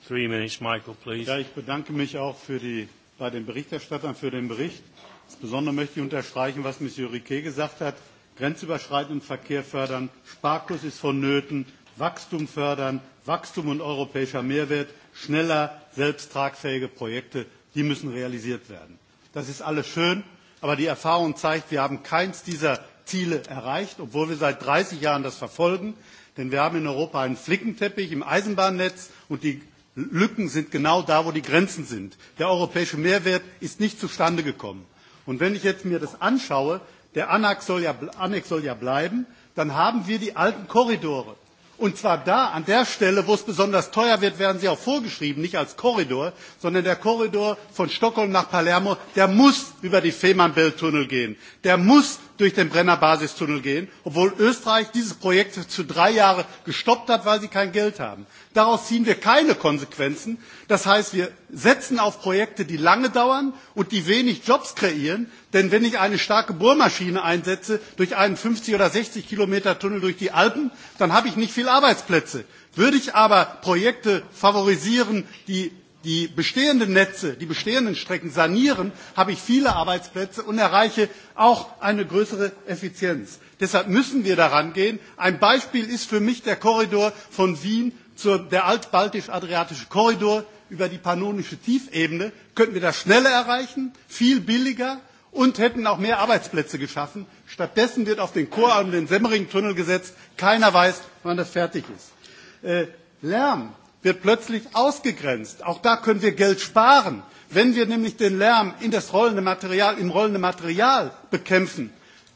Three minutes, Michael, please. Ja, ich bedanke mich auch für die, bei den Berichterstattern für den Bericht. Insbesondere möchte ich unterstreichen, was Monsieur Riquet gesagt hat. Grenzüberschreitenden Verkehr fördern, Sparkurs ist vonnöten, Wachstum fördern, Wachstum und europäischer Mehrwert, schneller, selbsttragfähige Projekte, die müssen realisiert werden. Das ist alles schön, aber die Erfahrung zeigt, wir haben keins dieser Ziele erreicht, obwohl wir seit 30 Jahren das verfolgen. Denn wir haben in Europa einen Flickenteppich im Eisenbahnnetz und die Lücken sind genau da, wo die Grenzen sind. Der europäische Mehrwert ist nicht zustande gekommen. Und wenn ich jetzt mir das anschaue, der Annex soll ja, Annex soll ja bleiben, dann haben wir die alten Korridore. Und zwar da, an der Stelle, wo es besonders teuer wird, werden sie auch vorgeschrieben, nicht als Korridor, sondern der Korridor von Stockholm nach Palermo, der muss über die Fehmarnbelt-Tunnel gehen. Der muss durch den Brennerbasistunnel gehen, obwohl Österreich dieses Projekt zu drei Jahre gestoppt hat, weil sie kein Geld haben. Daraus ziehen wir keine Konsequenzen. Das heißt, wir setzen auf Projekte, die lange dauern und die wenig Jobs kreieren. Denn wenn ich eine starke Bohrmaschine einsetze durch einen 50 oder 60 Kilometer Tunnel durch die Alpen, dann habe ich nicht viel Arbeitsplätze. Würde ich aber Projekte favorisieren, die die bestehenden Netze, die bestehenden Strecken sanieren, habe ich viele Arbeitsplätze und erreiche auch eine größere Effizienz. Deshalb müssen wir daran gehen. Ein Beispiel ist für mich der Korridor von Wien zur, der altbaltisch-adriatische Korridor über die pannonische Tiefebene. Könnten wir das schneller erreichen, viel billiger und hätten auch mehr Arbeitsplätze geschaffen. Stattdessen wird auf den Chor und den Semmering-Tunnel gesetzt. Keiner weiß, wann das fertig ist. Äh, Lärm wird plötzlich ausgegrenzt. Auch da können wir Geld sparen. Wenn wir nämlich den Lärm in das rollende Material, im rollende Material bekämpfen,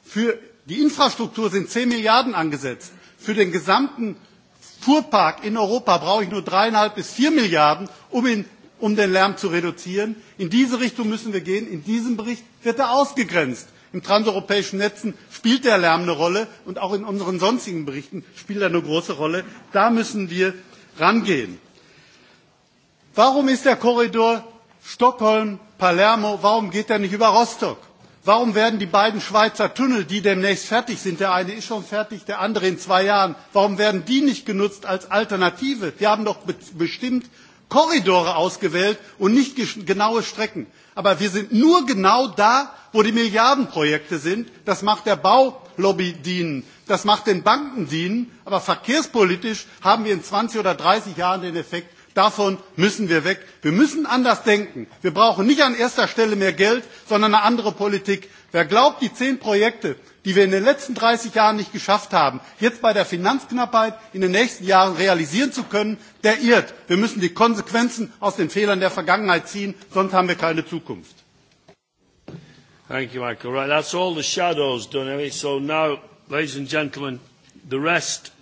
für die Infrastruktur sind 10 Milliarden angesetzt, für den gesamten Fuhrpark in Europa brauche ich nur dreieinhalb bis vier Milliarden, um, ihn, um den Lärm zu reduzieren. In diese Richtung müssen wir gehen. In diesem Bericht wird er ausgegrenzt. In transeuropäischen Netzen spielt der Lärm eine Rolle und auch in unseren sonstigen Berichten spielt er eine große Rolle. Da müssen wir rangehen. Warum ist der Korridor Stockholm-Palermo, warum geht er nicht über Rostock? Warum werden die beiden Schweizer Tunnel, die demnächst fertig sind, der eine ist schon fertig, der andere in zwei Jahren, warum werden die nicht genutzt als Alternative? Wir haben doch bestimmt Korridore ausgewählt und nicht genaue Strecken. Aber wir sind nur genau da, wo die Milliardenprojekte sind. Das macht der Bau Lobby dienen. Das macht den Banken dienen, aber verkehrspolitisch haben wir in 20 oder 30 Jahren den Effekt, Davon müssen wir weg. Wir müssen anders denken. Wir brauchen nicht an erster Stelle mehr Geld, sondern eine andere Politik. Wer glaubt, die zehn Projekte, die wir in den letzten 30 Jahren nicht geschafft haben, jetzt bei der Finanzknappheit in den nächsten Jahren realisieren zu können, der irrt. Wir müssen die Konsequenzen aus den Fehlern der Vergangenheit ziehen, sonst haben wir keine Zukunft. Thank you, Michael. Right, that's all the shadows done, Ellie. So now, ladies and gentlemen, the rest,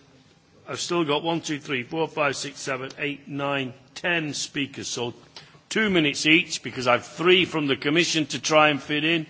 I've still got one, two, three, four, five, six, seven, eight, nine, ten speakers. So two minutes each, because I've three from the Commission to try and fit in.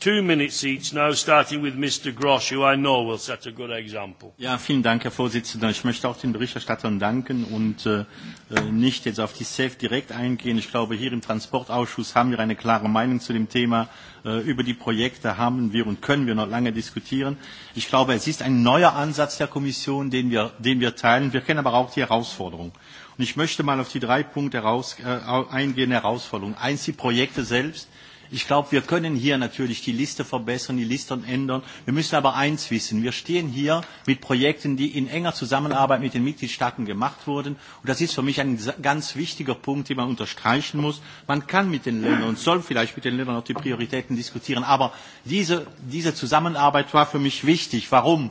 Two minutes each now, starting with Mr. Grosch, who I know will set a good example. Ja, vielen Dank, Herr Vorsitzender. Ich möchte auch den Berichterstattern danken und äh, äh, nicht jetzt auf die SAFE direkt eingehen. Ich glaube, hier im Transportausschuss haben wir eine klare Meinung zu dem Thema. Äh, über die Projekte haben wir und können wir noch lange diskutieren. Ich glaube, es ist ein neuer Ansatz der Kommission, den wir, den wir teilen. Wir kennen aber auch die Herausforderung. Und ich möchte mal auf die drei Punkte heraus, äh, eingehen, Herausforderungen. Eins, die Projekte selbst Ich glaube, wir können hier natürlich die Liste verbessern, die Listen ändern. Wir müssen aber eins wissen. Wir stehen hier mit Projekten, die in enger Zusammenarbeit mit den Mitgliedstaaten gemacht wurden. Und das ist für mich ein ganz wichtiger Punkt, den man unterstreichen muss. Man kann mit den Ländern und soll vielleicht mit den Ländern auch die Prioritäten diskutieren. Aber diese, diese Zusammenarbeit war für mich wichtig. Warum?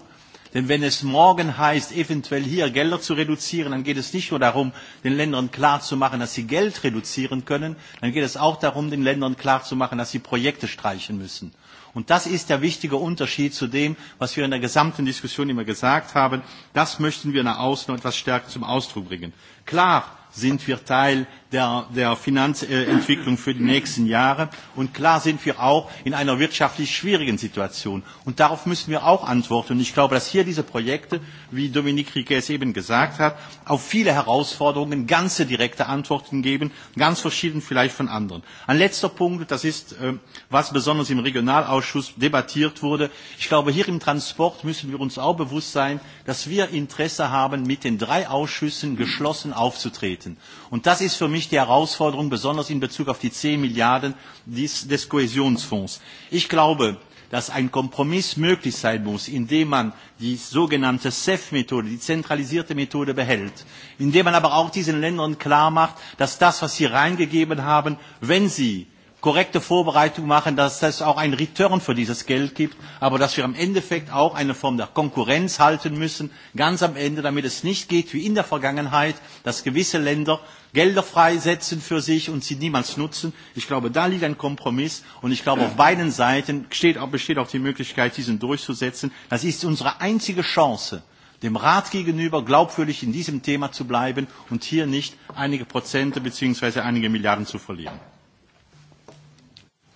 Denn wenn es morgen heißt, eventuell hier Gelder zu reduzieren, dann geht es nicht nur darum, den Ländern klarzumachen, dass sie Geld reduzieren können, dann geht es auch darum, den Ländern klarzumachen, dass sie Projekte streichen müssen. Und das ist der wichtige Unterschied zu dem, was wir in der gesamten Diskussion immer gesagt haben. Das möchten wir nach außen etwas stärker zum Ausdruck bringen. Klar sind wir Teil der, der Finanzentwicklung für die nächsten Jahre. Und klar sind wir auch in einer wirtschaftlich schwierigen Situation. Und darauf müssen wir auch antworten. Und ich glaube, dass hier diese Projekte, wie Dominique Riquet es eben gesagt hat, auf viele Herausforderungen ganze direkte Antworten geben, ganz verschieden vielleicht von anderen. Ein letzter Punkt, das ist, äh, was besonders im Regionalausschuss debattiert wurde. Ich glaube, hier im Transport müssen wir uns auch bewusst sein, dass wir Interesse haben, mit den drei Ausschüssen geschlossen aufzutreten. Und das ist für mich mich die Herausforderung, besonders in Bezug auf die 10 Milliarden des, des Kohäsionsfonds. Ich glaube, dass ein Kompromiss möglich sein muss, indem man die sogenannte CEF-Methode, die zentralisierte Methode behält, indem man aber auch diesen Ländern klar macht, dass das, was sie reingegeben haben, wenn sie korrekte Vorbereitung machen, dass es auch einen Return für dieses Geld gibt, aber dass wir im Endeffekt auch eine Form der Konkurrenz halten müssen, ganz am Ende, damit es nicht geht wie in der Vergangenheit, dass gewisse Länder Gelder freisetzen für sich und sie niemals nutzen. Ich glaube, da liegt ein Kompromiss und ich glaube, auf beiden Seiten steht, besteht auch die Möglichkeit, diesen durchzusetzen. Das ist unsere einzige Chance, dem Rat gegenüber glaubwürdig in diesem Thema zu bleiben und hier nicht einige Prozente bzw. einige Milliarden zu verlieren.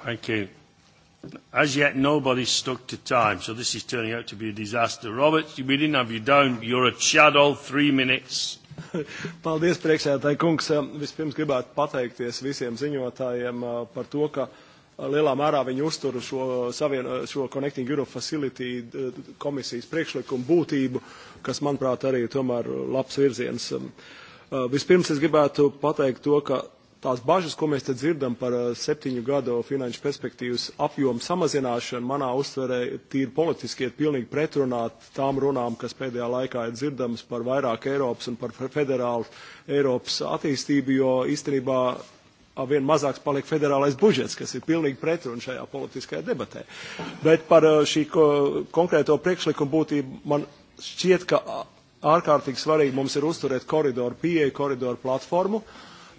Thank you. As yet, nobody's stuck to time, so this is turning out to be a disaster. Robert, we didn't have you down. You're a shadow, three minutes. Paldies, priekšsēdētāji kungs. Vispirms gribētu pateikties visiem ziņotājiem par to, ka lielā mērā viņi uztur šo, savien, šo Connecting Europe Facility komisijas priekšlikumu būtību, kas, manuprāt, arī tomēr labs virziens. Vispirms es gribētu pateikt to, ka tās bažas, ko mēs te dzirdam par eh, septiņu gadu finanšu perspektīvas apjomu samazināšanu, manā uztverē tīri politiski ir pilnīgi pretrunā tām runām, kas pēdējā laikā ir dzirdamas par vairāk Eiropas un par federālu Eiropas attīstību, jo īstenībā vien mazāks spalek federālais budžets, kas ir pilnīgi pretrun šajā politiskajā debatē. Bet par eh, šī konkrēto priekšlikumu būtību man šķiet, ka ārkārtīgi svarīgi mums ir uzturēt koridoru pieeju, koridoru platformu,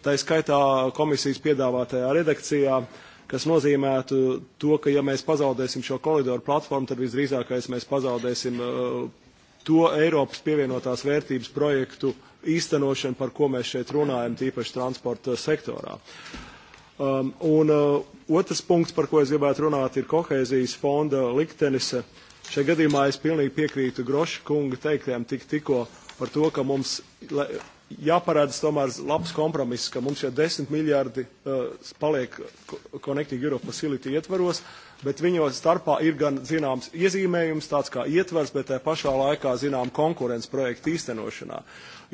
Tā skaitā komisijas piedāvātajā redakcijā, kas nozīmētu to, ka ja mēs pazaudēsim šo koridoru platformu, tad visdrīzākais mēs pazaudēsim uh, to Eiropas pievienotās vērtības projektu īstenošanu, par ko mēs šeit runājam, tīpaši transporta sektorā. Um, un uh, otrs punkts, par ko es gribētu runāt, ir kohēzijas fonda liktenis. Šajā gadījumā es pilnīgi piekrītu Groša kunga teiktiem tik tikko par to, ka mums, lai, jāparādas tomēr labs kompromiss, ka mums šie 10 miljardi uh, paliek Connecting Europe Facility ietvaros, bet viņo starpā ir gan zināms iezīmējums, tāds kā ietvers, bet tajā pašā laikā zinām konkurence projektu īstenošanā.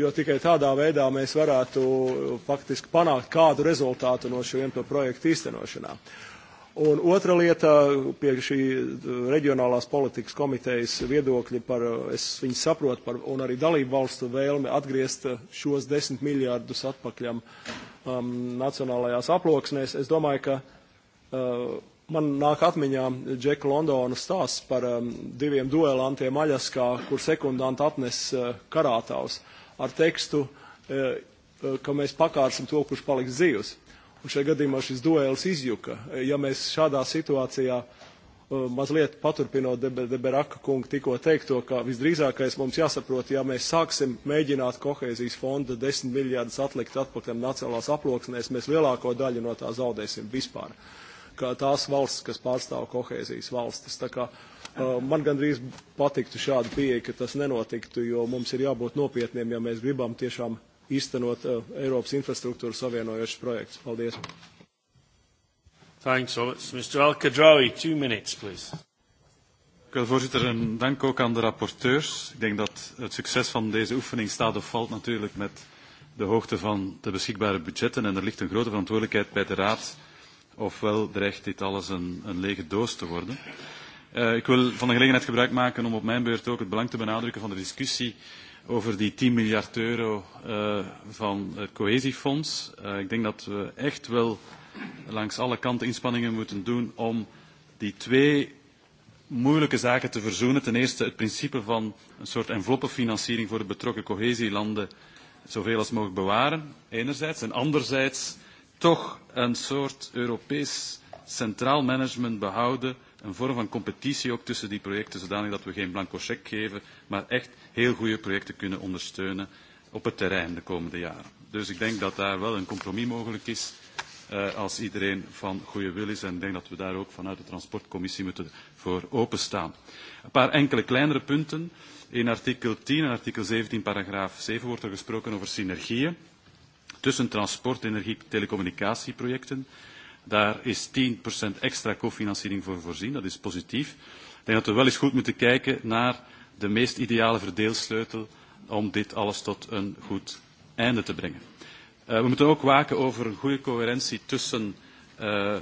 Jo tikai tādā veidā mēs varētu eh, faktiski panākt kādu rezultātu no šiem projektu īstenošanā. Uh, Un otra lieta pie šī reģionālās politikas komitejas viedokļi par, es viņu saprotu, par, un arī dalību valstu vēlmi atgriezt šos desmit miljārdus atpakaļam um, nacionālajās aploksnēs. Es domāju, ka uh, man nāk atmiņā Džeka Londona stāsts par um, diviem duelantiem Aļaskā, kur sekundanti atnes uh, karātavs ar tekstu, uh, uh, ka mēs pakārsim to, kurš paliks dzīvs. Un šajā gadījumā šis duels izjuka. Ja mēs šādā situācijā uh, mazliet paturpinot Deberaka kungu tikko teikto, ka visdrīzākais mums jāsaprot, ja mēs sāksim mēģināt kohēzijas fonda 10 miljārdus atlikt atpakaļ nacionālās aploksnēs, mēs lielāko daļu no tā zaudēsim vispār. Kā tās valsts, kas pārstāv kohēzijas valstis. Tā kā uh, man gandrīz patiktu šāda pieeju, ka tas nenotiktu, jo mums ir jābūt nopietniem, ja mēs gribam tiešām īstenot uh, eh, Eiropas infrastruktūras savienojošas projekts. Paldies. Thanks, Robert. Mr. Al-Kadrawi, two minutes, please. Wel, voorzitter, en dank ook aan de rapporteurs. Ik denk dat het succes van deze oefening staat of valt natuurlijk met de hoogte van de beschikbare budgetten. En er ligt een grote verantwoordelijkheid bij de Raad, ofwel dreigt dit alles een, een lege doos te worden. Uh, ik wil van de gelegenheid gebruik maken om op mijn beurt ook het belang te benadrukken van de discussie over die 10 miljard euro uh, van het cohesiefonds. Uh, ik denk dat we echt wel langs alle kanten inspanningen moeten doen om die twee moeilijke zaken te verzoenen. Ten eerste het principe van een soort enveloppenfinanciering voor de betrokken cohesielanden zoveel als mogelijk bewaren, enerzijds. En anderzijds toch een soort Europees centraal management behouden een vorm van competitie ook tussen die projecten, zodanig dat we geen blanco check geven, maar echt heel goede projecten kunnen ondersteunen op het terrein de komende jaren. Dus ik denk dat daar wel een compromis mogelijk is uh, als iedereen van goede wil is. En ik denk dat we daar ook vanuit de transportcommissie moeten voor openstaan. Een paar enkele kleinere punten. In artikel 10 en artikel 17 paragraaf 7 wordt er gesproken over synergieën tussen transport, energie, telecommunicatieprojecten. Daar is 10% extra cofinanciering voor voorzien. Dat is positief. Ik denk dat we wel eens goed moeten kijken naar de meest ideale verdeelsleutel om dit alles tot een goed einde te brengen. Uh, we moeten ook waken over een goede coherentie tussen uh, eh,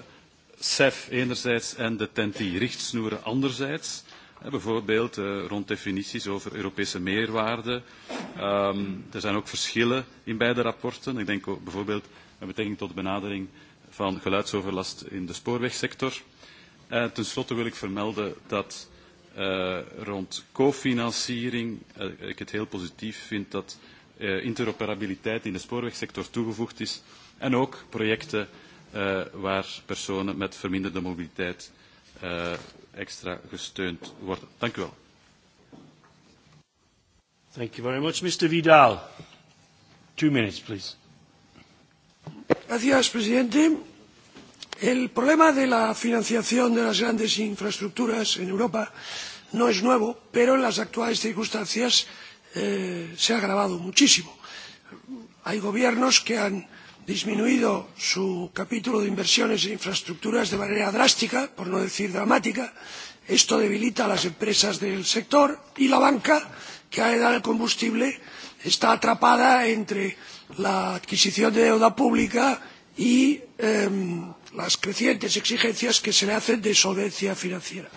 CEF enerzijds en de TENTI-richtsnoeren anderzijds. Uh, bijvoorbeeld uh, rond definities over Europese meerwaarde. Um, er zijn ook verschillen in beide rapporten. Ik denk ook bijvoorbeeld met betrekking tot de benadering van geluidsoverlast in de spoorwegsector. En tenslotte wil ik vermelden dat uh, rond cofinanciering uh, ik het heel positief vind dat uh, interoperabiliteit in de spoorwegsector toegevoegd is en ook projecten uh, waar personen met verminderde mobiliteit uh, extra gesteund worden. Dank u wel. Thank you very much, Mr. Vidal. Two minutes, please. Señor presidente. El problema de la financiación de las grandes infraestructuras en Europa no es nuevo, pero en las actuales circunstancias eh, se ha agravado muchísimo. Hay gobiernos que han disminuido su capítulo de inversiones en infraestructuras de manera drástica, por no decir dramática. Esto debilita a las empresas del sector y la banca, que ha de dar el combustible, está atrapada entre la adquisición de deuda pública y eh, las crecientes exigencias que se le hacen de solvencia financiera.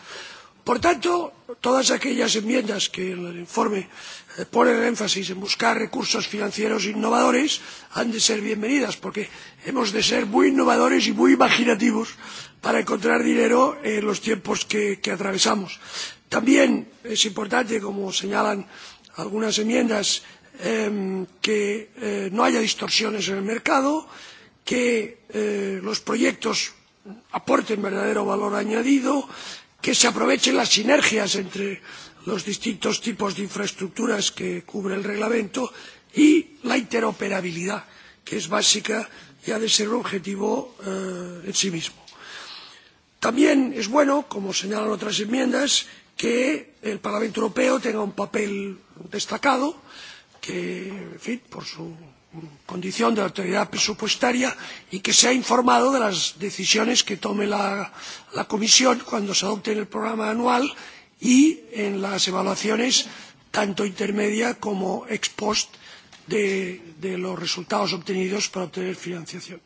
Por tanto, todas aquellas enmiendas que en el informe eh, pone el énfasis en buscar recursos financieros innovadores han de ser bienvenidas, porque hemos de ser muy innovadores y muy imaginativos para encontrar dinero en los tiempos que, que atravesamos. También es importante, como señalan algunas enmiendas, que eh, no haya distorsiones en el mercado, que eh, los proyectos aporten verdadero valor añadido, que se aprovechen las sinergias entre los distintos tipos de infraestructuras que cubre el reglamento y la interoperabilidad, que es básica y ha de ser un objetivo eh, en sí mismo. También es bueno, como señalan otras enmiendas, que el Parlamento Europeo tenga un papel destacado eh, que, en fin, por su condición de autoridad presupuestaria y que sea informado de las decisiones que tome la, la Comisión cuando se adopte en el programa anual y en las evaluaciones tanto intermedia como ex post de, de los resultados obtenidos para obtener financiación.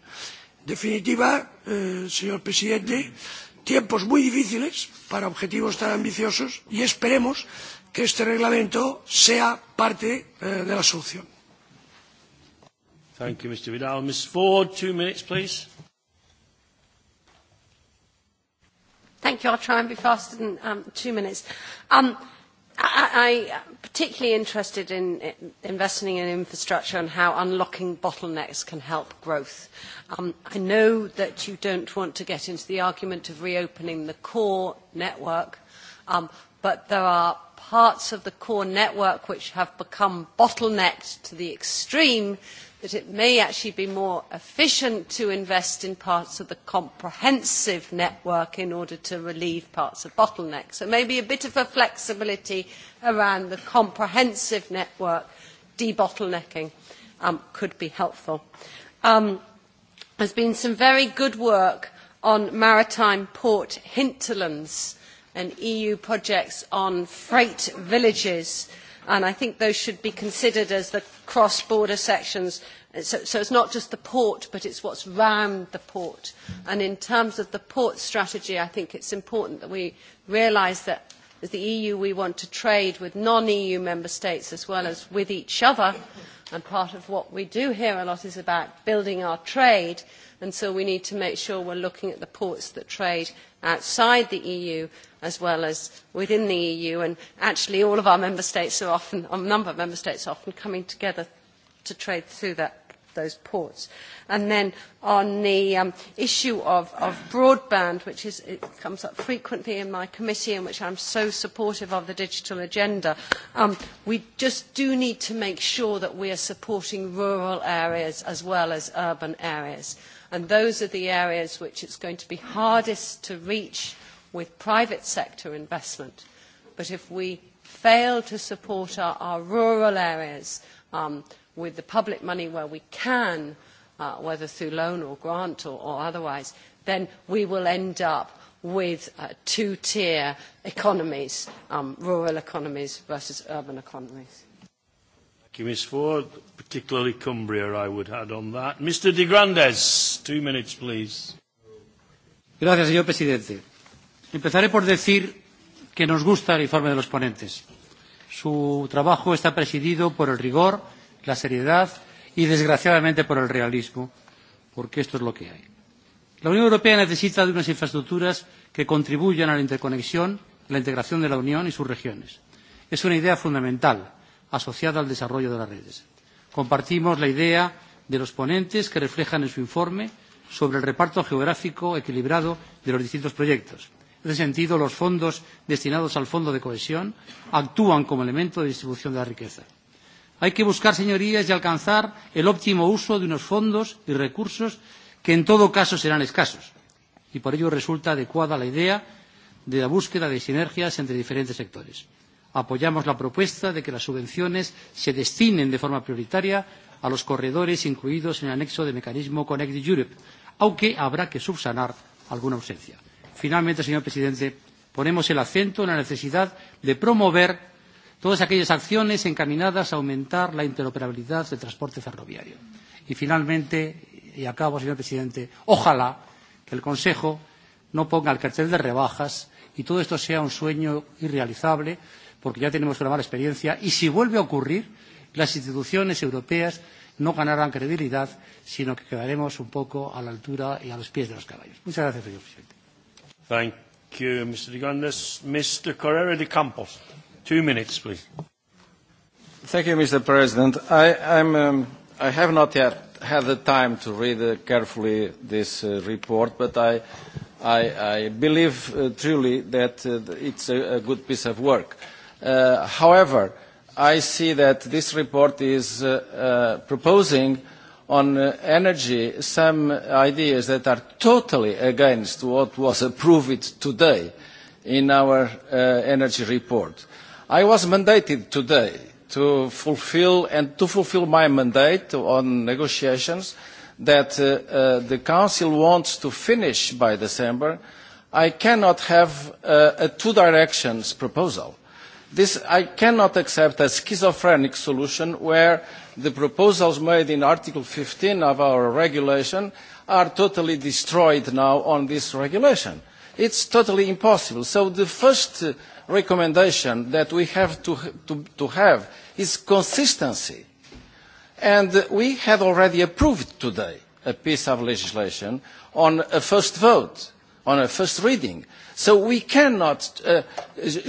En definitiva, eh, señor presidente, eh, tiempos muy difíciles para objetivos tan ambiciosos y esperemos que este reglamento sea parte eh, de la solución. Thank you, Mr. Vidal. Ms. Ford, two minutes, please. Thank you. I'll try and be faster than um, two minutes. Um, I, I'm particularly interested in investing in infrastructure and how unlocking bottlenecks can help growth. Um, I know that you don't want to get into the argument of reopening the core network, um, but there are parts of the core network which have become bottlenecked to the extreme that it may actually be more efficient to invest in parts of the comprehensive network in order to relieve parts of bottlenecks. So maybe a bit of a flexibility around the comprehensive network debottlenecking um, could be helpful. Um, there's been some very good work on maritime port hinterlands and EU projects on freight villages and I think those should be considered as the cross-border sections. So, so it's not just the port, but it's what's round the port. And in terms of the port strategy, I think it's important that we realise that as the EU we want to trade with non-EU member states as well as with each other. And part of what we do here a lot is about building our trade and so we need to make sure we're looking at the ports that trade outside the EU as well as within the EU and actually all of our member states are often, a number of member states are often coming together to trade through that those ports. And then on the um, issue of, of broadband, which is, it comes up frequently in my committee and which I'm so supportive of the digital agenda, um, we just do need to make sure that we are supporting rural areas as well as urban areas and those are the areas which it's going to be hardest to reach with private sector investment. But if we fail to support our, our rural areas um, with the public money where we can, uh, whether through loan or grant or, or otherwise, then we will end up with uh, two-tier economies, um, rural economies versus urban economies. Thank you, Ms. Ford particularly Cumbria, I would add on that. Mr. De Grandes, two minutes, please. Gracias, señor presidente. Empezaré por decir que nos gusta el informe de los ponentes. Su trabajo está presidido por el rigor, la seriedad y, desgraciadamente, por el realismo, porque esto es lo que hay. La Unión Europea necesita de unas infraestructuras que contribuyan a la interconexión, a la integración de la Unión y sus regiones. Es una idea fundamental asociada al desarrollo de las redes. Compartimos la idea de los ponentes que reflejan en su informe sobre el reparto geográfico equilibrado de los distintos proyectos. En ese sentido, los fondos destinados al Fondo de Cohesión actúan como elemento de distribución de la riqueza. Hay que buscar, señorías, y alcanzar el óptimo uso de unos fondos y recursos que en todo caso serán escasos. Y por ello resulta adecuada la idea de la búsqueda de sinergias entre diferentes sectores apoyamos la propuesta de que las subvenciones se destinen de forma prioritaria a los corredores incluidos en el anexo del mecanismo Connect Europe, aunque habrá que subsanar alguna ausencia. Finalmente, señor presidente, ponemos el acento en la necesidad de promover todas aquellas acciones encaminadas a aumentar la interoperabilidad del transporte ferroviario. Y finalmente, y acabo, señor presidente, ojalá que el Consejo no ponga el cartel de rebajas y todo esto sea un sueño irrealizable porque ya tenemos una mala experiencia, y si vuelve a ocurrir, las instituciones europeas no ganarán credibilidad, sino que quedaremos un poco a la altura y a los pies de los caballos. Muchas gracias, señor presidente. Thank you, Mr. Gondes. Mr. Correra de Campos, two minutes, please. Thank you, Mr. President. I, I'm, um, I have not yet had the time to read uh, carefully this uh, report, but I, I, I believe uh, truly that uh, it's a, a good piece of work. Uh, however, I see that this report is uh, uh, proposing on uh, energy some ideas that are totally against what was approved today in our uh, energy report. I was mandated today to fulfill and to fulfill my mandate on negotiations that uh, uh, the Council wants to finish by December, I cannot have uh, a two directions proposal. This I cannot accept a schizophrenic solution where the proposals made in Article 15 of our regulation are totally destroyed now on this regulation. It's totally impossible. So the first uh, recommendation that we have to, to, to have is consistency. And we had already approved today a piece of legislation on a first vote, on a first reading. So we cannot uh,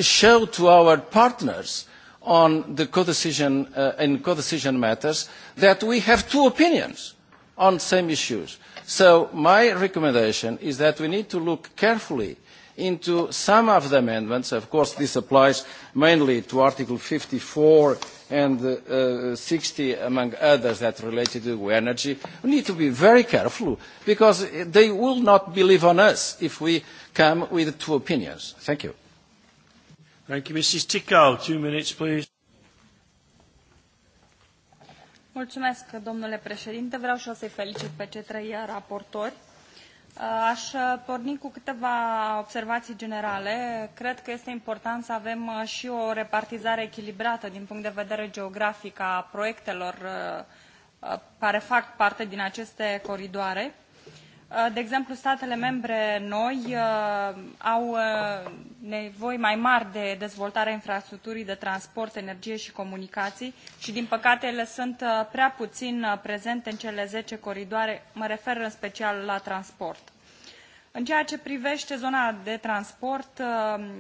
show to our partners on the co-decision, uh, in co-decision matters that we have two opinions on same issues. So my recommendation is that we need to look carefully into some of the amendments. Of course, this applies mainly to Article 54 and uh, 60, uh, among others, that related to energy. We need to be very careful because they will not believe on us if we come with two opinions. Thank you. Thank you, Mrs. Tickow. Two minutes, please. Mulțumesc, domnule președinte. Vreau și o să-i felicit pe cei trei raportori. Aș porni cu câteva observații generale. Cred că este important să avem uh, și o repartizare echilibrată din punct de vedere geografic a proiectelor uh, uh, care fac parte din aceste coridoare. Uh, de exemplu, statele membre noi uh, au uh, nevoi mai mari de dezvoltarea infrastructurii de transport, energie și comunicații și, din păcate, ele sunt prea puțin prezente în cele 10 coridoare, mă refer în special la transport. În ceea ce privește zona de transport,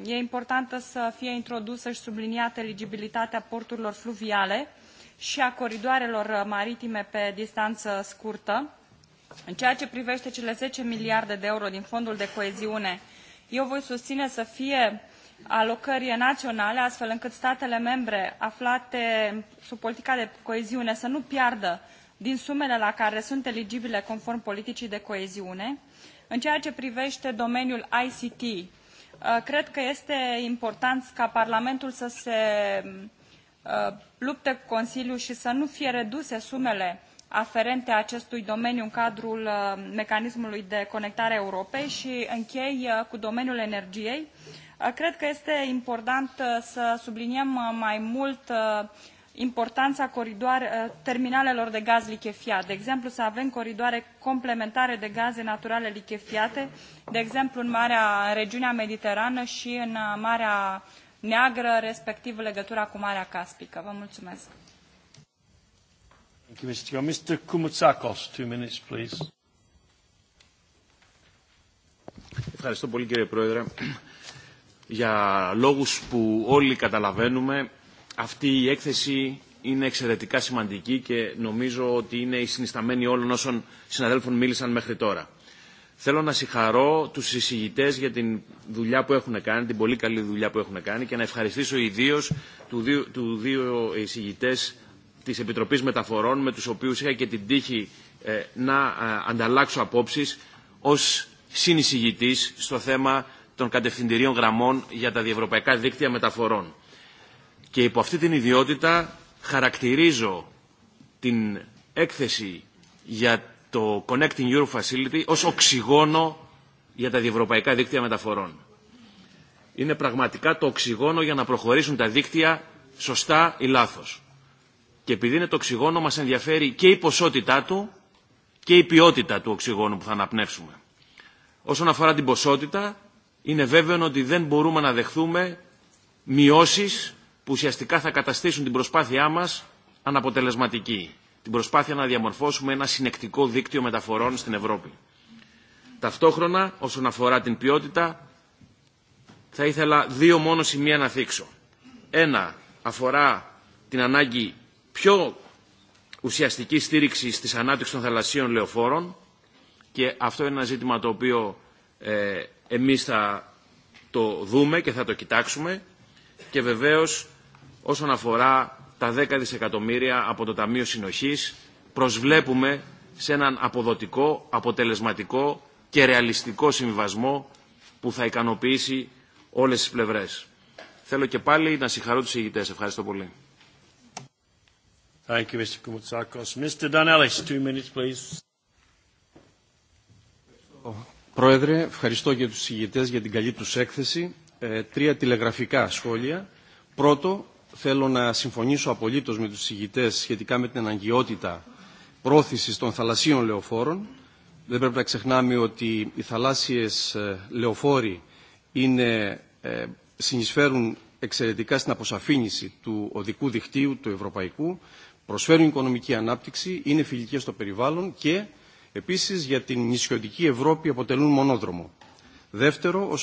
e importantă să fie introdusă și subliniată eligibilitatea porturilor fluviale și a coridoarelor maritime pe distanță scurtă, În ceea ce privește cele 10 miliarde de euro din fondul de coeziune, eu voi susține să fie alocări naționale, astfel încât statele membre aflate sub politica de coeziune să nu piardă din sumele la care sunt eligibile conform politicii de coeziune. În ceea ce privește domeniul ICT, uh, cred că este important ca Parlamentul să se uh, lupte cu Consiliul și să nu fie reduse sumele aferente acestui domeniu în cadrul uh, mecanismului de conectare a Europei și închei uh, cu domeniul energiei. Uh, cred că este important să subliniem mai mult importanța terminalelor de gaz lichefiat. De exemplu, să avem coridoare complementare de gaze naturale lichefiate, de exemplu în, Marea, în regiunea mediterană și în Marea Neagră, respectiv legătura cu Marea Caspică. Vă mulțumesc! Thank you, Mr. Mr. Koumoutsakos, two minutes, please. Ευχαριστώ πολύ, κύριε Πρόεδρε. Για λόγους που όλοι καταλαβαίνουμε, αυτή η έκθεση είναι εξαιρετικά σημαντική και νομίζω ότι είναι η συνισταμένη όλων όσων συναδέλφων μίλησαν μέχρι τώρα. Θέλω να συγχαρώ τους συζητητές για την δουλειά που έχουν κάνει, την πολύ καλή δουλειά που έχουν κάνει και να ευχαριστήσω ιδίως του δύο, του δύο εισηγητές τη επιτροπή Μεταφορών με του οποίου είχα και την τύχη ε, να ανταλλάξω απόψει ω συνεισηγητή στο θέμα των κατευθυντηρίων γραμμών για τα διευρωπαϊκά δίκτυα μεταφορών. Και υπό αυτή την ιδιότητα χαρακτηρίζω την έκθεση για το Connecting Europe Facility ως οξυγόνο για τα διευρωπαϊκά δίκτυα μεταφορών. Είναι πραγματικά το οξυγόνο για να προχωρήσουν τα δίκτυα σωστά ή λάθος. Και επειδή είναι το οξυγόνο μας ενδιαφέρει και η ποσότητά του και η ποιότητα του οξυγόνου που θα αναπνεύσουμε. Όσον αφορά την ποσότητα, είναι βέβαιο ότι δεν μπορούμε να δεχθούμε μειώσεις που ουσιαστικά θα καταστήσουν την προσπάθειά μας αναποτελεσματική. Την προσπάθεια να διαμορφώσουμε ένα συνεκτικό δίκτυο μεταφορών στην Ευρώπη. Ταυτόχρονα, όσον αφορά την ποιότητα, θα ήθελα δύο μόνο σημεία να θίξω. Ένα αφορά την ανάγκη πιο ουσιαστική στήριξη στις ανάπτυξη των θαλασσίων λεωφόρων και αυτό είναι ένα ζήτημα το οποίο ε, εμείς θα το δούμε και θα το κοιτάξουμε και βεβαίως όσον αφορά τα 10 δισεκατομμύρια από το Ταμείο Συνοχής προσβλέπουμε σε έναν αποδοτικό, αποτελεσματικό και ρεαλιστικό συμβιβασμό που θα ικανοποιήσει όλες τις πλευρές. Θέλω και πάλι να συγχαρώ τους ηγητές. Ευχαριστώ πολύ. Thank you, Mr. Koumoutsakos. Mr. Ellis, two minutes, please. Πρόεδρε, ευχαριστώ και τους συγητές για την καλή τους έκθεση. Ε, τρία τηλεγραφικά σχόλια. Πρώτο, θέλω να συμφωνήσω απολύτως με τους συγητές σχετικά με την αναγκαιότητα πρόθεσης των θαλασσίων λεωφόρων. Δεν πρέπει να ξεχνάμε ότι οι θαλάσσιες λεωφόροι είναι, ε, συνεισφέρουν εξαιρετικά στην αποσαφήνιση του οδικού δικτύου του ευρωπαϊκού προσφέρουν οικονομική ανάπτυξη, είναι φιλικές στο περιβάλλον και επίσης για την νησιωτική Ευρώπη αποτελούν μονόδρομο. Δεύτερο,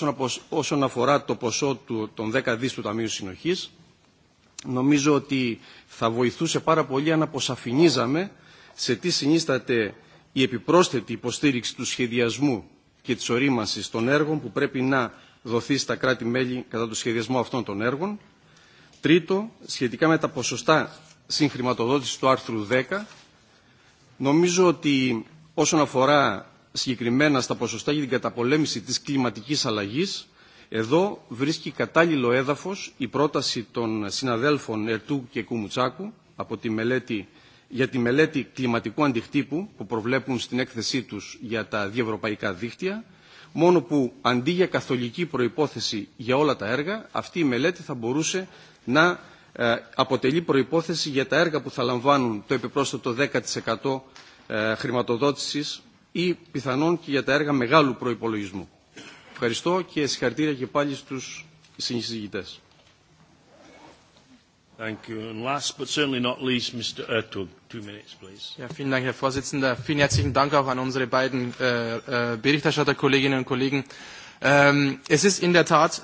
όσον αφορά το ποσό του, των 10 δις του Ταμείου Συνοχής, νομίζω ότι θα βοηθούσε πάρα πολύ αν αποσαφηνίζαμε σε τι συνίσταται η επιπρόσθετη υποστήριξη του σχεδιασμού και της ορίμασης των έργων που πρέπει να δοθεί στα κράτη-μέλη κατά το σχεδιασμό αυτών των έργων. Τρίτο, σχετικά με τα ποσοστά συγχρηματοδότηση του άρθρου 10. Νομίζω ότι όσον αφορά συγκεκριμένα στα ποσοστά για την καταπολέμηση της κλιματικής αλλαγής, εδώ βρίσκει κατάλληλο έδαφος η πρόταση των συναδέλφων Ερτού και Κουμουτσάκου από τη μελέτη, για τη μελέτη κλιματικού αντιχτύπου που προβλέπουν στην έκθεσή τους για τα διευρωπαϊκά δίκτυα, μόνο που αντί για καθολική προϋπόθεση για όλα τα έργα, αυτή η μελέτη θα μπορούσε να αποτελεί προϋπόθεση για τα έργα που θα λαμβάνουν το επιπρόσθετο 10% χρηματοδότησης ή πιθανόν και για τα έργα μεγάλου προϋπολογισμού. Ευχαριστώ και συγχαρητήρια και πάλι στους συνεισηγητές. Thank you. And last but certainly not least, Mr. Ertug, two minutes, please. Ja, vielen Dank, Herr Vorsitzender. Vielen herzlichen Dank auch an unsere beiden äh, äh, Berichterstatter, Kolleginnen und Kollegen. Ähm, es ist in der Tat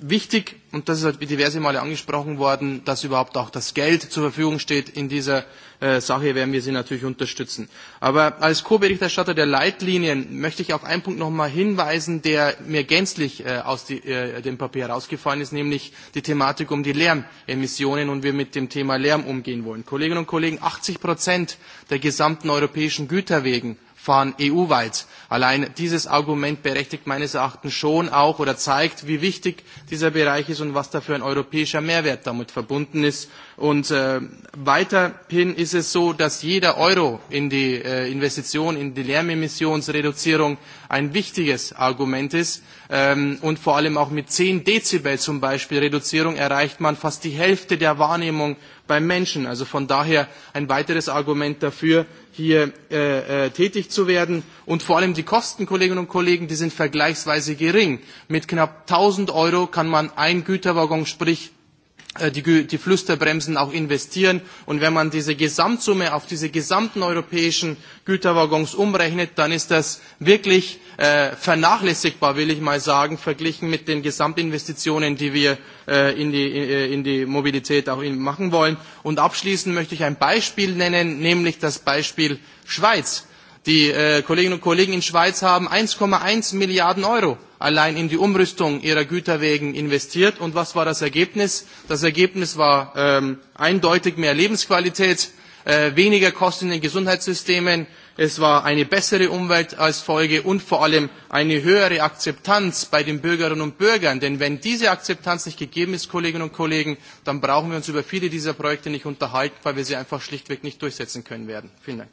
wichtig, und das ist halt diverse Male angesprochen worden, dass überhaupt auch das Geld zur Verfügung steht in dieser äh, Sache, werden wir sie natürlich unterstützen. Aber als Co-Berichterstatter der Leitlinien möchte ich auf einen Punkt nochmal hinweisen, der mir gänzlich äh, aus die, äh, dem Papier herausgefallen ist, nämlich die Thematik um die Lärmemissionen und wir mit dem Thema Lärm umgehen wollen. Kolleginnen und Kollegen, 80 Prozent der gesamten europäischen Güterwegen fahren EU-weit. Allein dieses Argument berechtigt meines Erachtens schon auch oder zeigt, wie wichtig dieser Bereich ist und was da für ein europäischer Mehrwert damit verbunden ist. Und äh, weiterhin ist es so, dass jeder Euro in die äh, Investition in die Lärmemissionsreduzierung ein wichtiges Argument ist. Ähm, und vor allem auch mit 10 Dezibel zum Beispiel Reduzierung erreicht man fast die Hälfte der Wahrnehmung beim Menschen. Also von daher ein weiteres Argument dafür, hier äh, äh, tätig zu werden. Und vor allem die Kosten, Kolleginnen und Kollegen, die sind vergleichsweise gering. Mit knapp 1000 Euro kann man ein Güterwaggon, sprich Äh, die, die Flüsterbremsen auch investieren. Und wenn man diese Gesamtsumme auf diese gesamten europäischen Güterwaggons umrechnet, dann ist das wirklich äh, vernachlässigbar, will ich mal sagen, verglichen mit den Gesamtinvestitionen, die wir äh, in, die, äh, in die Mobilität auch machen wollen. Und abschließend möchte ich ein Beispiel nennen, nämlich das Beispiel Schweiz. Die äh, Kolleginnen und Kollegen in Schweiz haben 1,1 Milliarden Euro allein in die Umrüstung ihrer Güterwegen investiert. Und was war das Ergebnis? Das Ergebnis war ähm, eindeutig mehr Lebensqualität, äh, weniger Kosten in den Gesundheitssystemen, es war eine bessere Umwelt als Folge und vor allem eine höhere Akzeptanz bei den Bürgerinnen und Bürgern. Denn wenn diese Akzeptanz nicht gegeben ist, Kolleginnen und Kollegen, dann brauchen wir uns über viele dieser Projekte nicht unterhalten, weil wir sie einfach schlichtweg nicht durchsetzen können werden. Vielen Dank.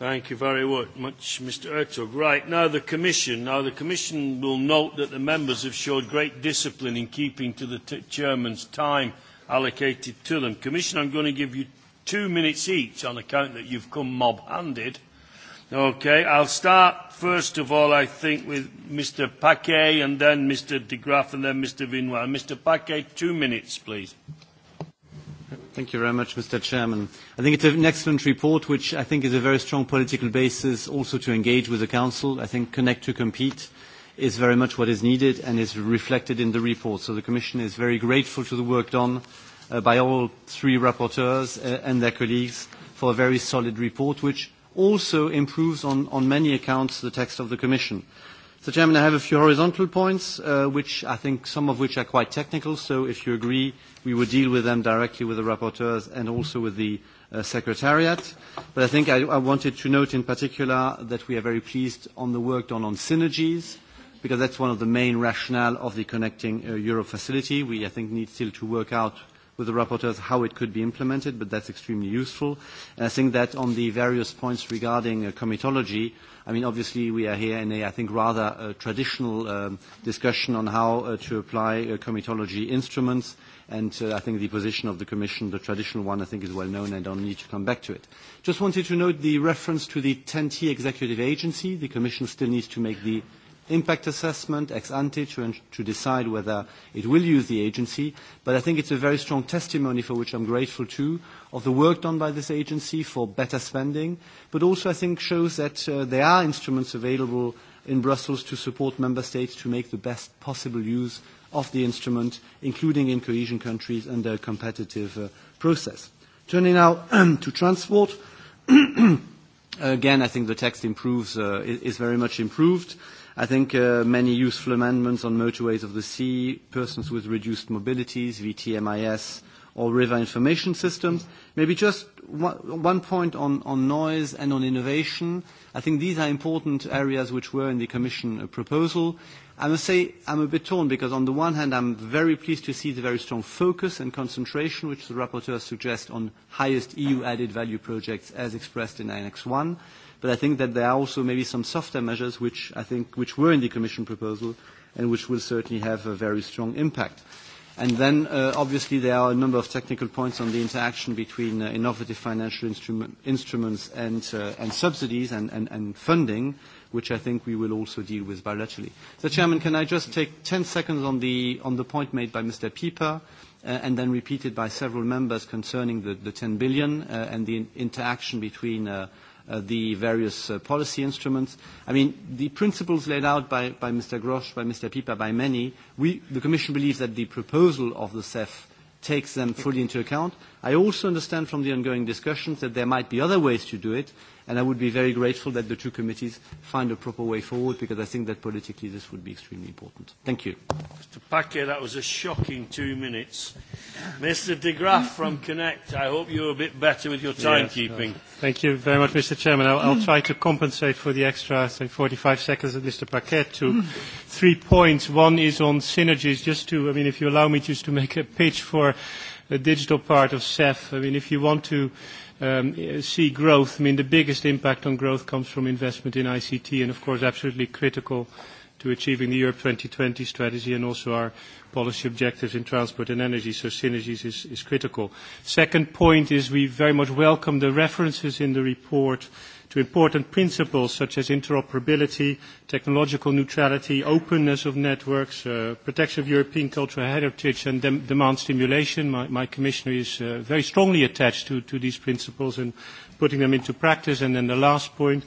Thank you very much, Mr. Ertug. Right, now the Commission. Now the Commission will note that the members have showed great discipline in keeping to the t Chairman's time allocated to them. Commission, I'm going to give you two minutes each on account that you've come mob-handed. Okay, I'll start first of all, I think, with Mr. Paquet and then Mr. de Graaf and then Mr. Vinoir. Mr. Paquet, two minutes, please. Thank you very much, Mr. Chairman. I think it's an excellent report, which I think is a very strong political basis also to engage with the Council. I think Connect to Compete is very much what is needed and is reflected in the report. So the Commission is very grateful to the work done uh, by all three rapporteurs uh, and their colleagues for a very solid report, which also improves on, on many accounts the text of the Commission. Mr Chairman, I have a few horizontal points, uh, which I think some of which are quite technical. So, if you agree, we will deal with them directly with the rapporteurs and also with the uh, Secretariat. But I think I, I wanted to note in particular that we are very pleased on the work done on synergies, because that's one of the main rationale of the Connecting uh, Europe facility. We, I think, need still to work out with the rapporteurs how it could be implemented, but that's extremely useful. And I think that on the various points regarding uh, comitology, I mean, obviously we are here in a, I think, rather uh, traditional um, discussion on how uh, to apply uh, comitology instruments, and uh, I think the position of the Commission, the traditional one, I think is well known, and I don't need to come back to it. Just wanted to note the reference to the 10T executive agency. The Commission still needs to make the impact assessment ex ante to, to decide whether it will use the agency. But I think it's a very strong testimony for which I'm grateful to of the work done by this agency for better spending, but also I think shows that uh, there are instruments available in Brussels to support member states to make the best possible use of the instrument, including in cohesion countries under a competitive uh, process. Turning now to transport, again, I think the text improves, uh, is very much improved. I think uh, many useful amendments on motorways of the sea, persons with reduced mobilities, VTMIS, or river information systems. Maybe just one point on, on noise and on innovation. I think these are important areas which were in the Commission proposal. I must say I'm a bit torn because on the one hand I'm very pleased to see the very strong focus and concentration which the rapporteur suggests on highest EU added value projects as expressed in Annex 1. But I think that there are also maybe some softer measures which I think which were in the Commission proposal and which will certainly have a very strong impact. And then uh, obviously there are a number of technical points on the interaction between uh, innovative financial instrument, instruments and, uh, and subsidies and, and, and funding, which I think we will also deal with bilaterally. So Chairman, can I just take 10 seconds on the, on the point made by Mr. Pieper? uh, and then repeated by several members concerning the, the 10 billion uh, and the in interaction between uh, uh, the various uh, policy instruments. I mean, the principles laid out by, by Mr. Grosch, by Mr. Pieper, by many, we, the Commission believes that the proposal of the CEF takes them fully into account. I also understand from the ongoing discussions that there might be other ways to do it, and I would be very grateful that the two committees find a proper way forward, because I think that politically this would be extremely important. Thank you. Mr. Paquet, that was a shocking two minutes. Mr. de Graaf from Connect, I hope you're a bit better with your timekeeping. Yes, uh, thank you very much, Mr. Chairman. I'll, I'll try to compensate for the extra, say, 45 seconds of Mr. Paquet to three points. One is on synergies, just to, I mean, if you allow me just to make a pitch for The digital part of CEF. I mean, if you want to um, see growth, I mean, the biggest impact on growth comes from investment in ICT and, of course, absolutely critical to achieving the Europe 2020 strategy and also our policy objectives in transport and energy, so synergies is, is critical. Second point is we very much welcome the references in the report to important principles such as interoperability, technological neutrality, openness of networks, uh, protection of European cultural heritage and dem demand stimulation. My, my commissioner is uh, very strongly attached to, to these principles and putting them into practice. And then the last point,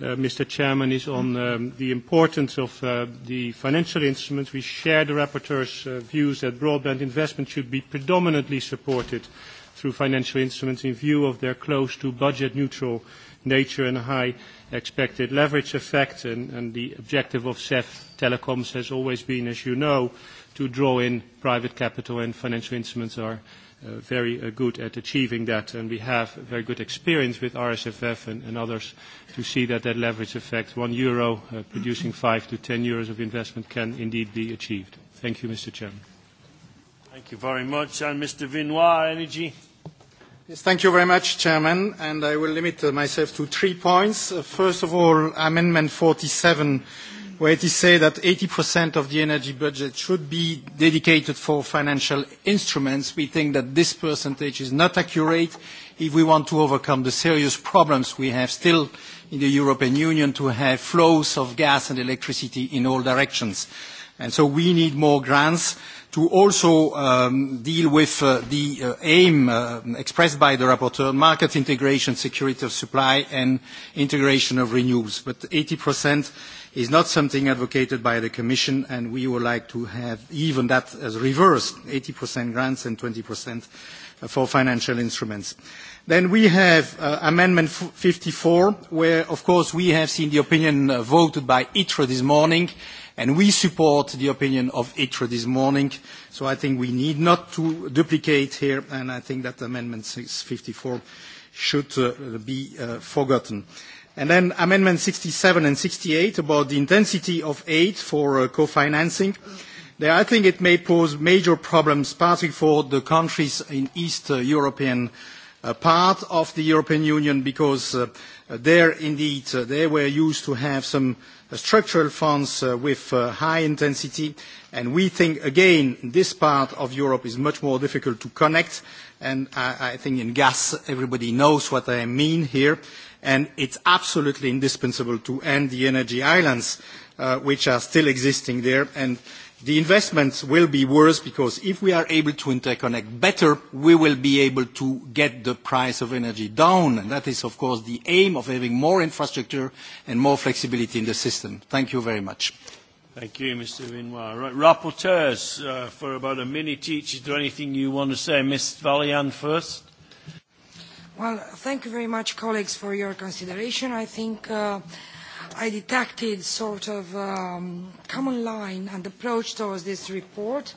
uh, Mr. Chairman, is on um, the importance of uh, the financial instruments. We share the rapporteur's uh, views that broadband investment should be predominantly supported through financial instruments in view of their close to budget neutral nature and high expected leverage effect. And, and the objective of CEF telecoms has always been, as you know, to draw in private capital and financial instruments are uh, very uh, good at achieving that. And we have very good experience with RSFF and, and others to see that that leverage effect, one euro uh, producing five to ten euros of investment can indeed be achieved. Thank you, Mr. Chairman. Thank you very much. And Mr. Vinoir, energy? Yes, thank you very much, Chairman, and I will limit myself to three points. Uh, first of all, Amendment 47, where it is said that 80% of the energy budget should be dedicated for financial instruments. We think that this percentage is not accurate if we want to overcome the serious problems we have still in the European Union to have flows of gas and electricity in all directions. And so we need more grants to also um, deal with uh, the uh, aim uh, expressed by the rapporteur, market integration, security of supply, and integration of renewables. But 80% is not something advocated by the Commission, and we would like to have even that as reversed, 80% grants and 20% for financial instruments. Then we have uh, Amendment 54, where, of course, we have seen the opinion uh, voted by ITRA this morning, And we support the opinion of ITRA this morning, so I think we need not to duplicate here, and I think that Amendment 654 should uh, be uh, forgotten. And then Amendment 67 and 68 about the intensity of aid for uh, co-financing. There, I think it may pose major problems, particularly for the countries in East uh, European countries a part of the European Union because uh, there indeed uh, they were used to have some uh, structural funds uh, with uh, high intensity and we think again this part of Europe is much more difficult to connect and I, I think in gas everybody knows what I mean here and it's absolutely indispensable to end the energy islands uh, which are still existing there and The investments will be worse because if we are able to interconnect better, we will be able to get the price of energy down. And that is, of course, the aim of having more infrastructure and more flexibility in the system. Thank you very much. Thank you, Mr. Vinoir. Right, rapporteurs, uh, for about a minute each, is there anything you want to say? Ms. Valian first. Well, thank you very much, colleagues, for your consideration. I think... Uh, I detected sort of um, common line and approach towards this report.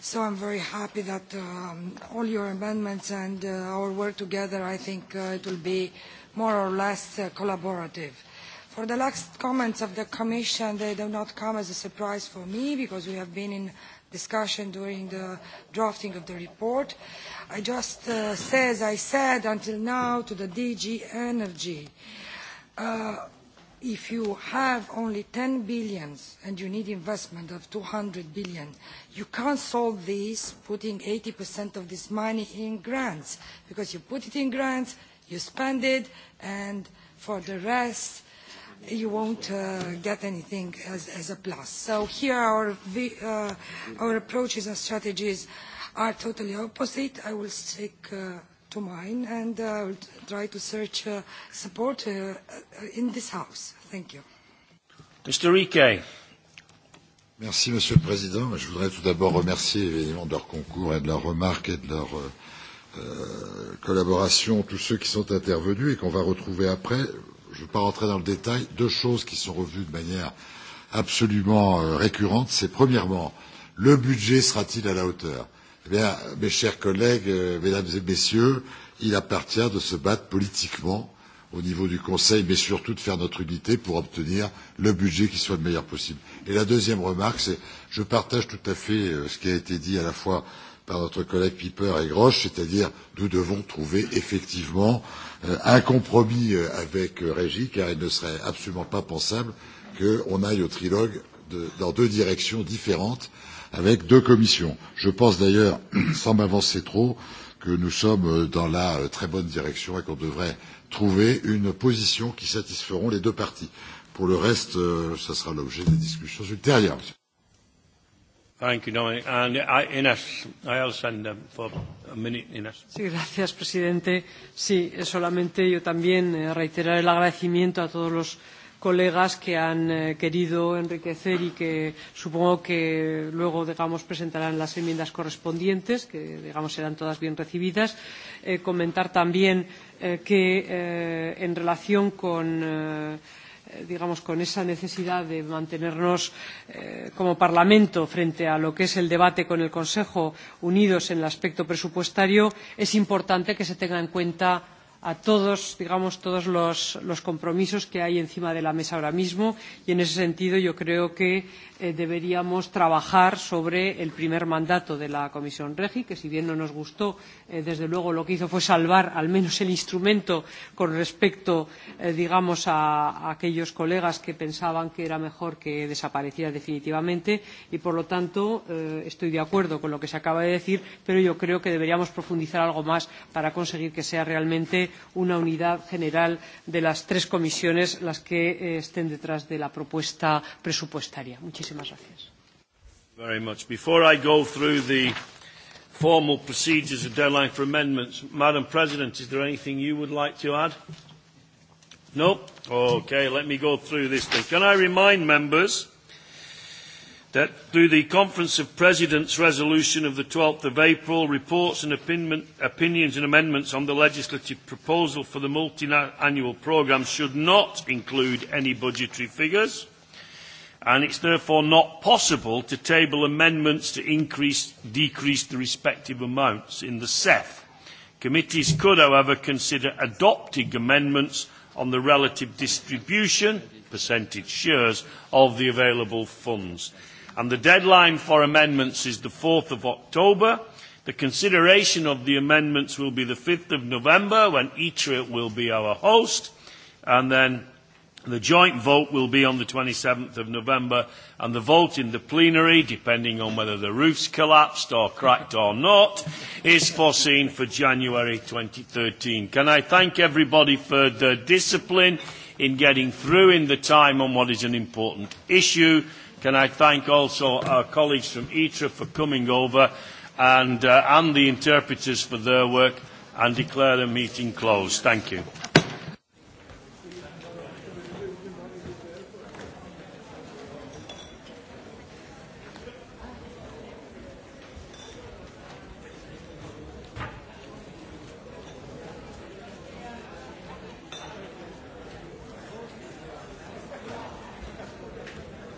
So I'm very happy that um, all your amendments and uh, our work together, I think uh, it will be more or less uh, collaborative. For the last comments of the Commission, they do not come as a surprise for me because we have been in discussion during the drafting of the report. I just uh, say, as I said until now, to the DG Energy. Uh, if you have only 10 billion and you need investment of 200 billion, you can't solve this putting 80% of this money in grants, because you put it in grants, you spend it, and for the rest, you won't uh, get anything as, as a plus. So here our, uh, our approaches and strategies are totally opposite. I will stick uh, to mine and uh, try to search uh, support uh, uh in this House. Thank you. Mr. Rike. Merci, Monsieur le Président. Je voudrais tout d'abord remercier évidemment de leur concours et de leurs remarques et de leur euh, euh, collaboration, tous ceux qui sont intervenus et qu'on va retrouver après. Je ne vais pas rentrer dans le détail. Deux choses qui sont revues de manière absolument euh, récurrente, c'est premièrement, le budget sera-t-il à la hauteur euh, Eh bien, mes chers collègues, euh, mesdames et messieurs, il appartient de se battre politiquement au niveau du Conseil, mais surtout de faire notre unité pour obtenir le budget qui soit le meilleur possible. Et la deuxième remarque, c'est je partage tout à fait euh, ce qui a été dit à la fois par notre collègue Piper et Grosch, c'est-à-dire nous devons trouver effectivement euh, un compromis euh, avec euh, Régie, car il ne serait absolument pas pensable qu'on aille au trilogue de, dans deux directions différentes avec deux commissions. Je pense d'ailleurs, sans m'avancer trop, que nous sommes euh, dans la euh, très bonne direction et qu'on devrait trouver une position qui satisferont les deux parties. Pour le reste, ce euh, sera l'objet des discussions ultérieures. Thank you, Dominic. And uh, I, Ines, I'll send them um, for a minute, Ines. Sí, gracias, presidente. Sí, eh, solamente yo también eh, reiterar el agradecimiento a todos los colegas que han eh, querido enriquecer y que supongo que luego digamos, presentarán las enmiendas correspondientes, que digamos, serán todas bien recibidas. Eh, comentar también eh, que eh, en relación con. Eh, digamos, con esa necesidad de mantenernos eh, como Parlamento frente a lo que es el debate con el Consejo unidos en el aspecto presupuestario, es importante que se tenga en cuenta a todos, digamos, todos los, los compromisos que hay encima de la mesa ahora mismo y en ese sentido yo creo que eh, deberíamos trabajar sobre el primer mandato de la Comisión Regi, que si bien no nos gustó, eh, desde luego lo que hizo fue salvar al menos el instrumento con respecto, eh, digamos, a, a aquellos colegas que pensaban que era mejor que desapareciera definitivamente y por lo tanto eh, estoy de acuerdo con lo que se acaba de decir, pero yo creo que deberíamos profundizar algo más para conseguir que sea realmente una unidad general de las tres comisiones las que eh, estén detrás de la propuesta presupuestaria. Muchísimas gracias. Very much. Before I go through the formal procedures and deadline for amendments, Madam President, is there anything you would like to add? No? Okay, let me go through this thing. Can I remind members that through the Conference of Presidents resolution of the 12th of April, reports and opinion, opinions and amendments on the legislative proposal for the multi-annual programme should not include any budgetary figures, and it's therefore not possible to table amendments to increase, decrease the respective amounts in the CEF. Committees could, however, consider adopting amendments on the relative distribution, percentage shares, of the available funds and the deadline for amendments is the 4th of October. The consideration of the amendments will be the 5th of November when ITRA will be our host and then the joint vote will be on the 27th of November and the vote in the plenary, depending on whether the roof's collapsed or cracked or not, is foreseen for January 2013. Can I thank everybody for their discipline in getting through in the time on what is an important issue? Can I thank also our colleagues from ITRA e for coming over and, uh, and the interpreters for their work and declare the meeting closed. Thank you.